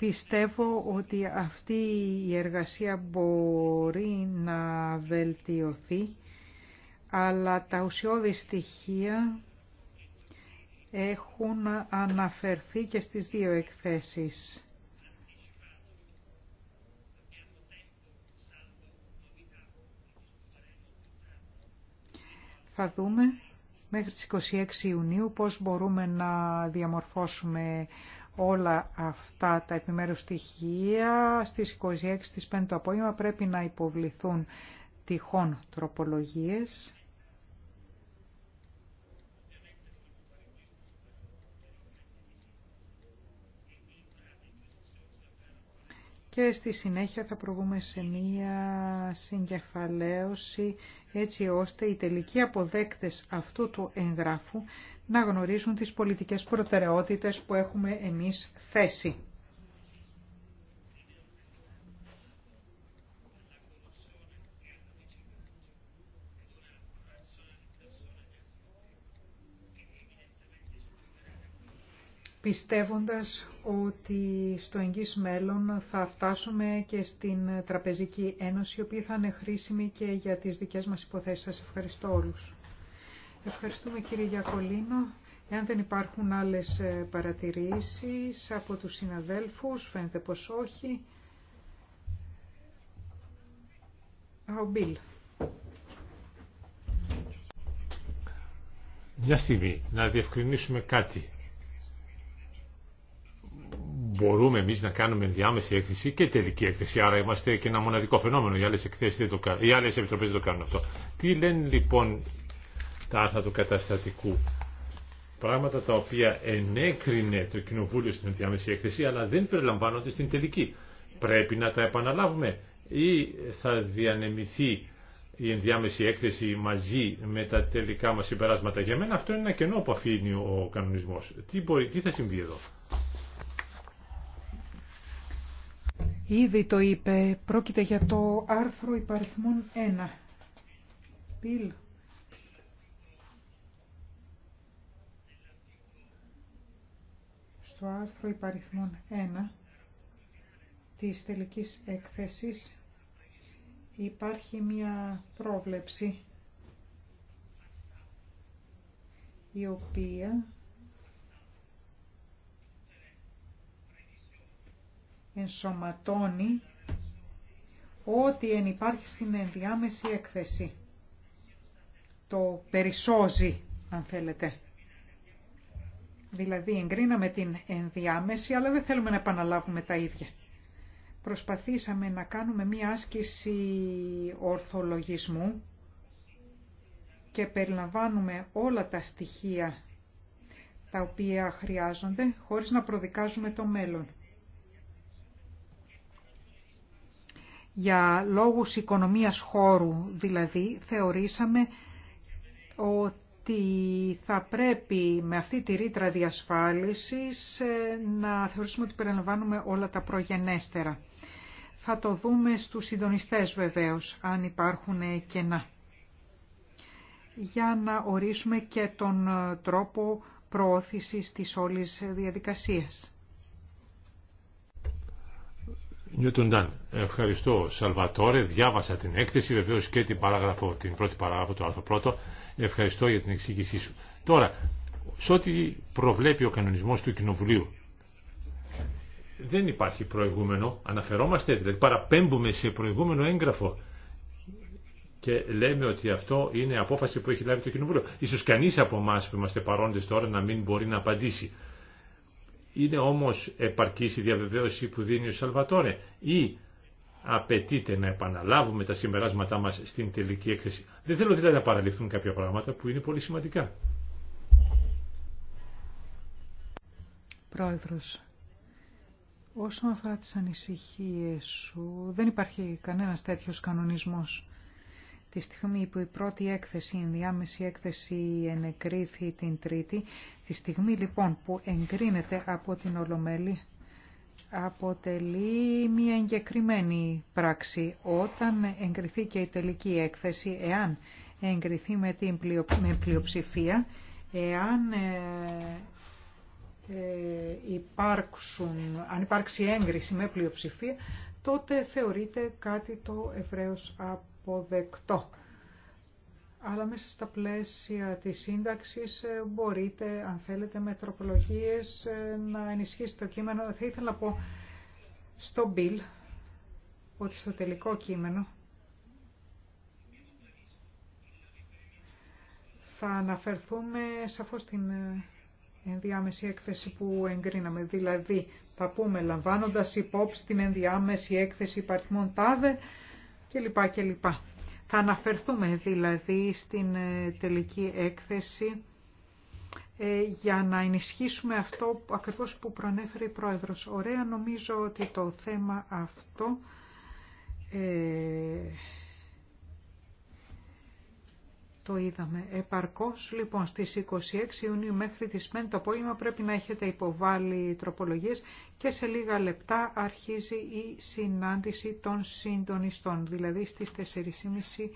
Πιστεύω ότι αυτή η εργασία μπορεί να βελτιωθεί, αλλά τα ουσιώδη στοιχεία έχουν αναφερθεί και στις δύο εκθέσεις. Θα δούμε μέχρι τις 26 Ιουνίου πώς μπορούμε να διαμορφώσουμε όλα αυτά τα επιμέρους στοιχεία στις 26 της 5 το απόγευμα πρέπει να υποβληθούν τυχόν τροπολογίες. Και στη συνέχεια θα προβούμε σε μία συγκεφαλαίωση έτσι ώστε οι τελικοί αποδέκτες αυτού του εγγράφου να γνωρίσουν τις πολιτικές προτεραιότητες που έχουμε εμείς θέσει. πιστεύοντας ότι στο εγγύς μέλλον θα φτάσουμε και στην Τραπεζική Ένωση, η οποία θα είναι χρήσιμη και για τις δικές μας υποθέσεις. Σας ευχαριστώ όλους. Ευχαριστούμε κύριε Γιακολίνο. Εάν δεν υπάρχουν άλλες ε, παρατηρήσεις από τους συναδέλφους, φαίνεται πως όχι. Ο Μπίλ. Μια στιγμή, να διευκρινίσουμε κάτι. Μπορούμε εμεί να κάνουμε διάμεση έκθεση και τελική έκθεση, άρα είμαστε και ένα μοναδικό φαινόμενο. Οι άλλε επιτροπέ δεν το κάνουν αυτό. Τι λένε λοιπόν τα άρθρα του καταστατικού. Πράγματα τα οποία ενέκρινε το Κοινοβούλιο στην ενδιάμεση έκθεση, αλλά δεν περιλαμβάνονται στην τελική. Πρέπει να τα επαναλάβουμε ή θα διανεμηθεί η ενδιάμεση έκθεση μαζί με τα τελικά μας συμπεράσματα. Για μένα αυτό είναι ένα κενό που αφήνει ο κανονισμός. Τι, μπορεί, τι θα συμβεί εδώ. Ήδη το είπε, πρόκειται για το άρθρο υπαριθμών 1. Πιλ στο άρθρο υπαριθμών 1 της τελικής έκθεσης υπάρχει μια πρόβλεψη η οποία ενσωματώνει ό,τι εν υπάρχει στην ενδιάμεση έκθεση. Το περισσώζει, αν θέλετε. Δηλαδή εγκρίναμε την ενδιάμεση, αλλά δεν θέλουμε να επαναλάβουμε τα ίδια. Προσπαθήσαμε να κάνουμε μία άσκηση ορθολογισμού και περιλαμβάνουμε όλα τα στοιχεία τα οποία χρειάζονται, χωρίς να προδικάζουμε το μέλλον. Για λόγους οικονομίας χώρου, δηλαδή, θεωρήσαμε ότι ότι θα πρέπει με αυτή τη ρήτρα διασφάλισης ε, να θεωρήσουμε ότι περιλαμβάνουμε όλα τα προγενέστερα. Θα το δούμε στους συντονιστές βεβαίως, αν υπάρχουν ε, κενά. Για να ορίσουμε και τον ε, τρόπο προώθησης της όλης διαδικασίας. Νιούτον Ευχαριστώ Σαλβατόρε. Διάβασα την έκθεση, βεβαίως και την, παράγραφο, την πρώτη παράγραφο του άρθρου πρώτο. Ευχαριστώ για την εξήγησή σου. Τώρα, σε ό,τι προβλέπει ο κανονισμός του Κοινοβουλίου, δεν υπάρχει προηγούμενο, αναφερόμαστε, δηλαδή παραπέμπουμε σε προηγούμενο έγγραφο και λέμε ότι αυτό είναι απόφαση που έχει λάβει το Κοινοβούλιο. Ίσως κανείς από εμά που είμαστε παρόντες τώρα να μην μπορεί να απαντήσει. Είναι όμως επαρκής η διαβεβαίωση που δίνει ο Σαλβατόρε ή απαιτείται να επαναλάβουμε τα συμπεράσματά μας στην τελική έκθεση. Δεν θέλω δηλαδή να παραλυφθούν κάποια πράγματα που είναι πολύ σημαντικά. Πρόεδρος, όσον αφορά τις ανησυχίες σου, δεν υπάρχει κανένας τέτοιος κανονισμός. Τη στιγμή που η πρώτη έκθεση, η διάμεση έκθεση ενεκρίθη την τρίτη, τη στιγμή λοιπόν που εγκρίνεται από την Ολομέλη, αποτελεί μια εγκεκριμένη πράξη. Όταν εγκριθεί και η τελική έκθεση, εάν εγκριθεί με, την πλειοψηφία, εάν ε, ε αν υπάρξει έγκριση με πλειοψηφία, τότε θεωρείται κάτι το ευρέως αποδεκτό αλλά μέσα στα πλαίσια της σύνταξης ε, μπορείτε, αν θέλετε, με τροπολογίες ε, να ενισχύσετε το κείμενο. Θα ήθελα να πω στο Bill ότι στο τελικό κείμενο θα αναφερθούμε σαφώς στην ε, ενδιάμεση έκθεση που εγκρίναμε. Δηλαδή, θα πούμε λαμβάνοντας υπόψη την ενδιάμεση έκθεση υπαριθμών τάδε κλπ. κλπ. Θα αναφερθούμε δηλαδή στην ε, τελική έκθεση ε, για να ενισχύσουμε αυτό ακριβώς που προανέφερε η Πρόεδρος. Ωραία, νομίζω ότι το θέμα αυτό ε, το είδαμε επαρκώς. Λοιπόν, στις 26 Ιουνίου μέχρι τις 5 το απόγευμα πρέπει να έχετε υποβάλει τροπολογίες και σε λίγα λεπτά αρχίζει η συνάντηση των συντονιστών, δηλαδή στις 4.30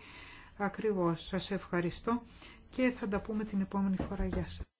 ακριβώς. Σας ευχαριστώ και θα τα πούμε την επόμενη φορά. Γεια σας.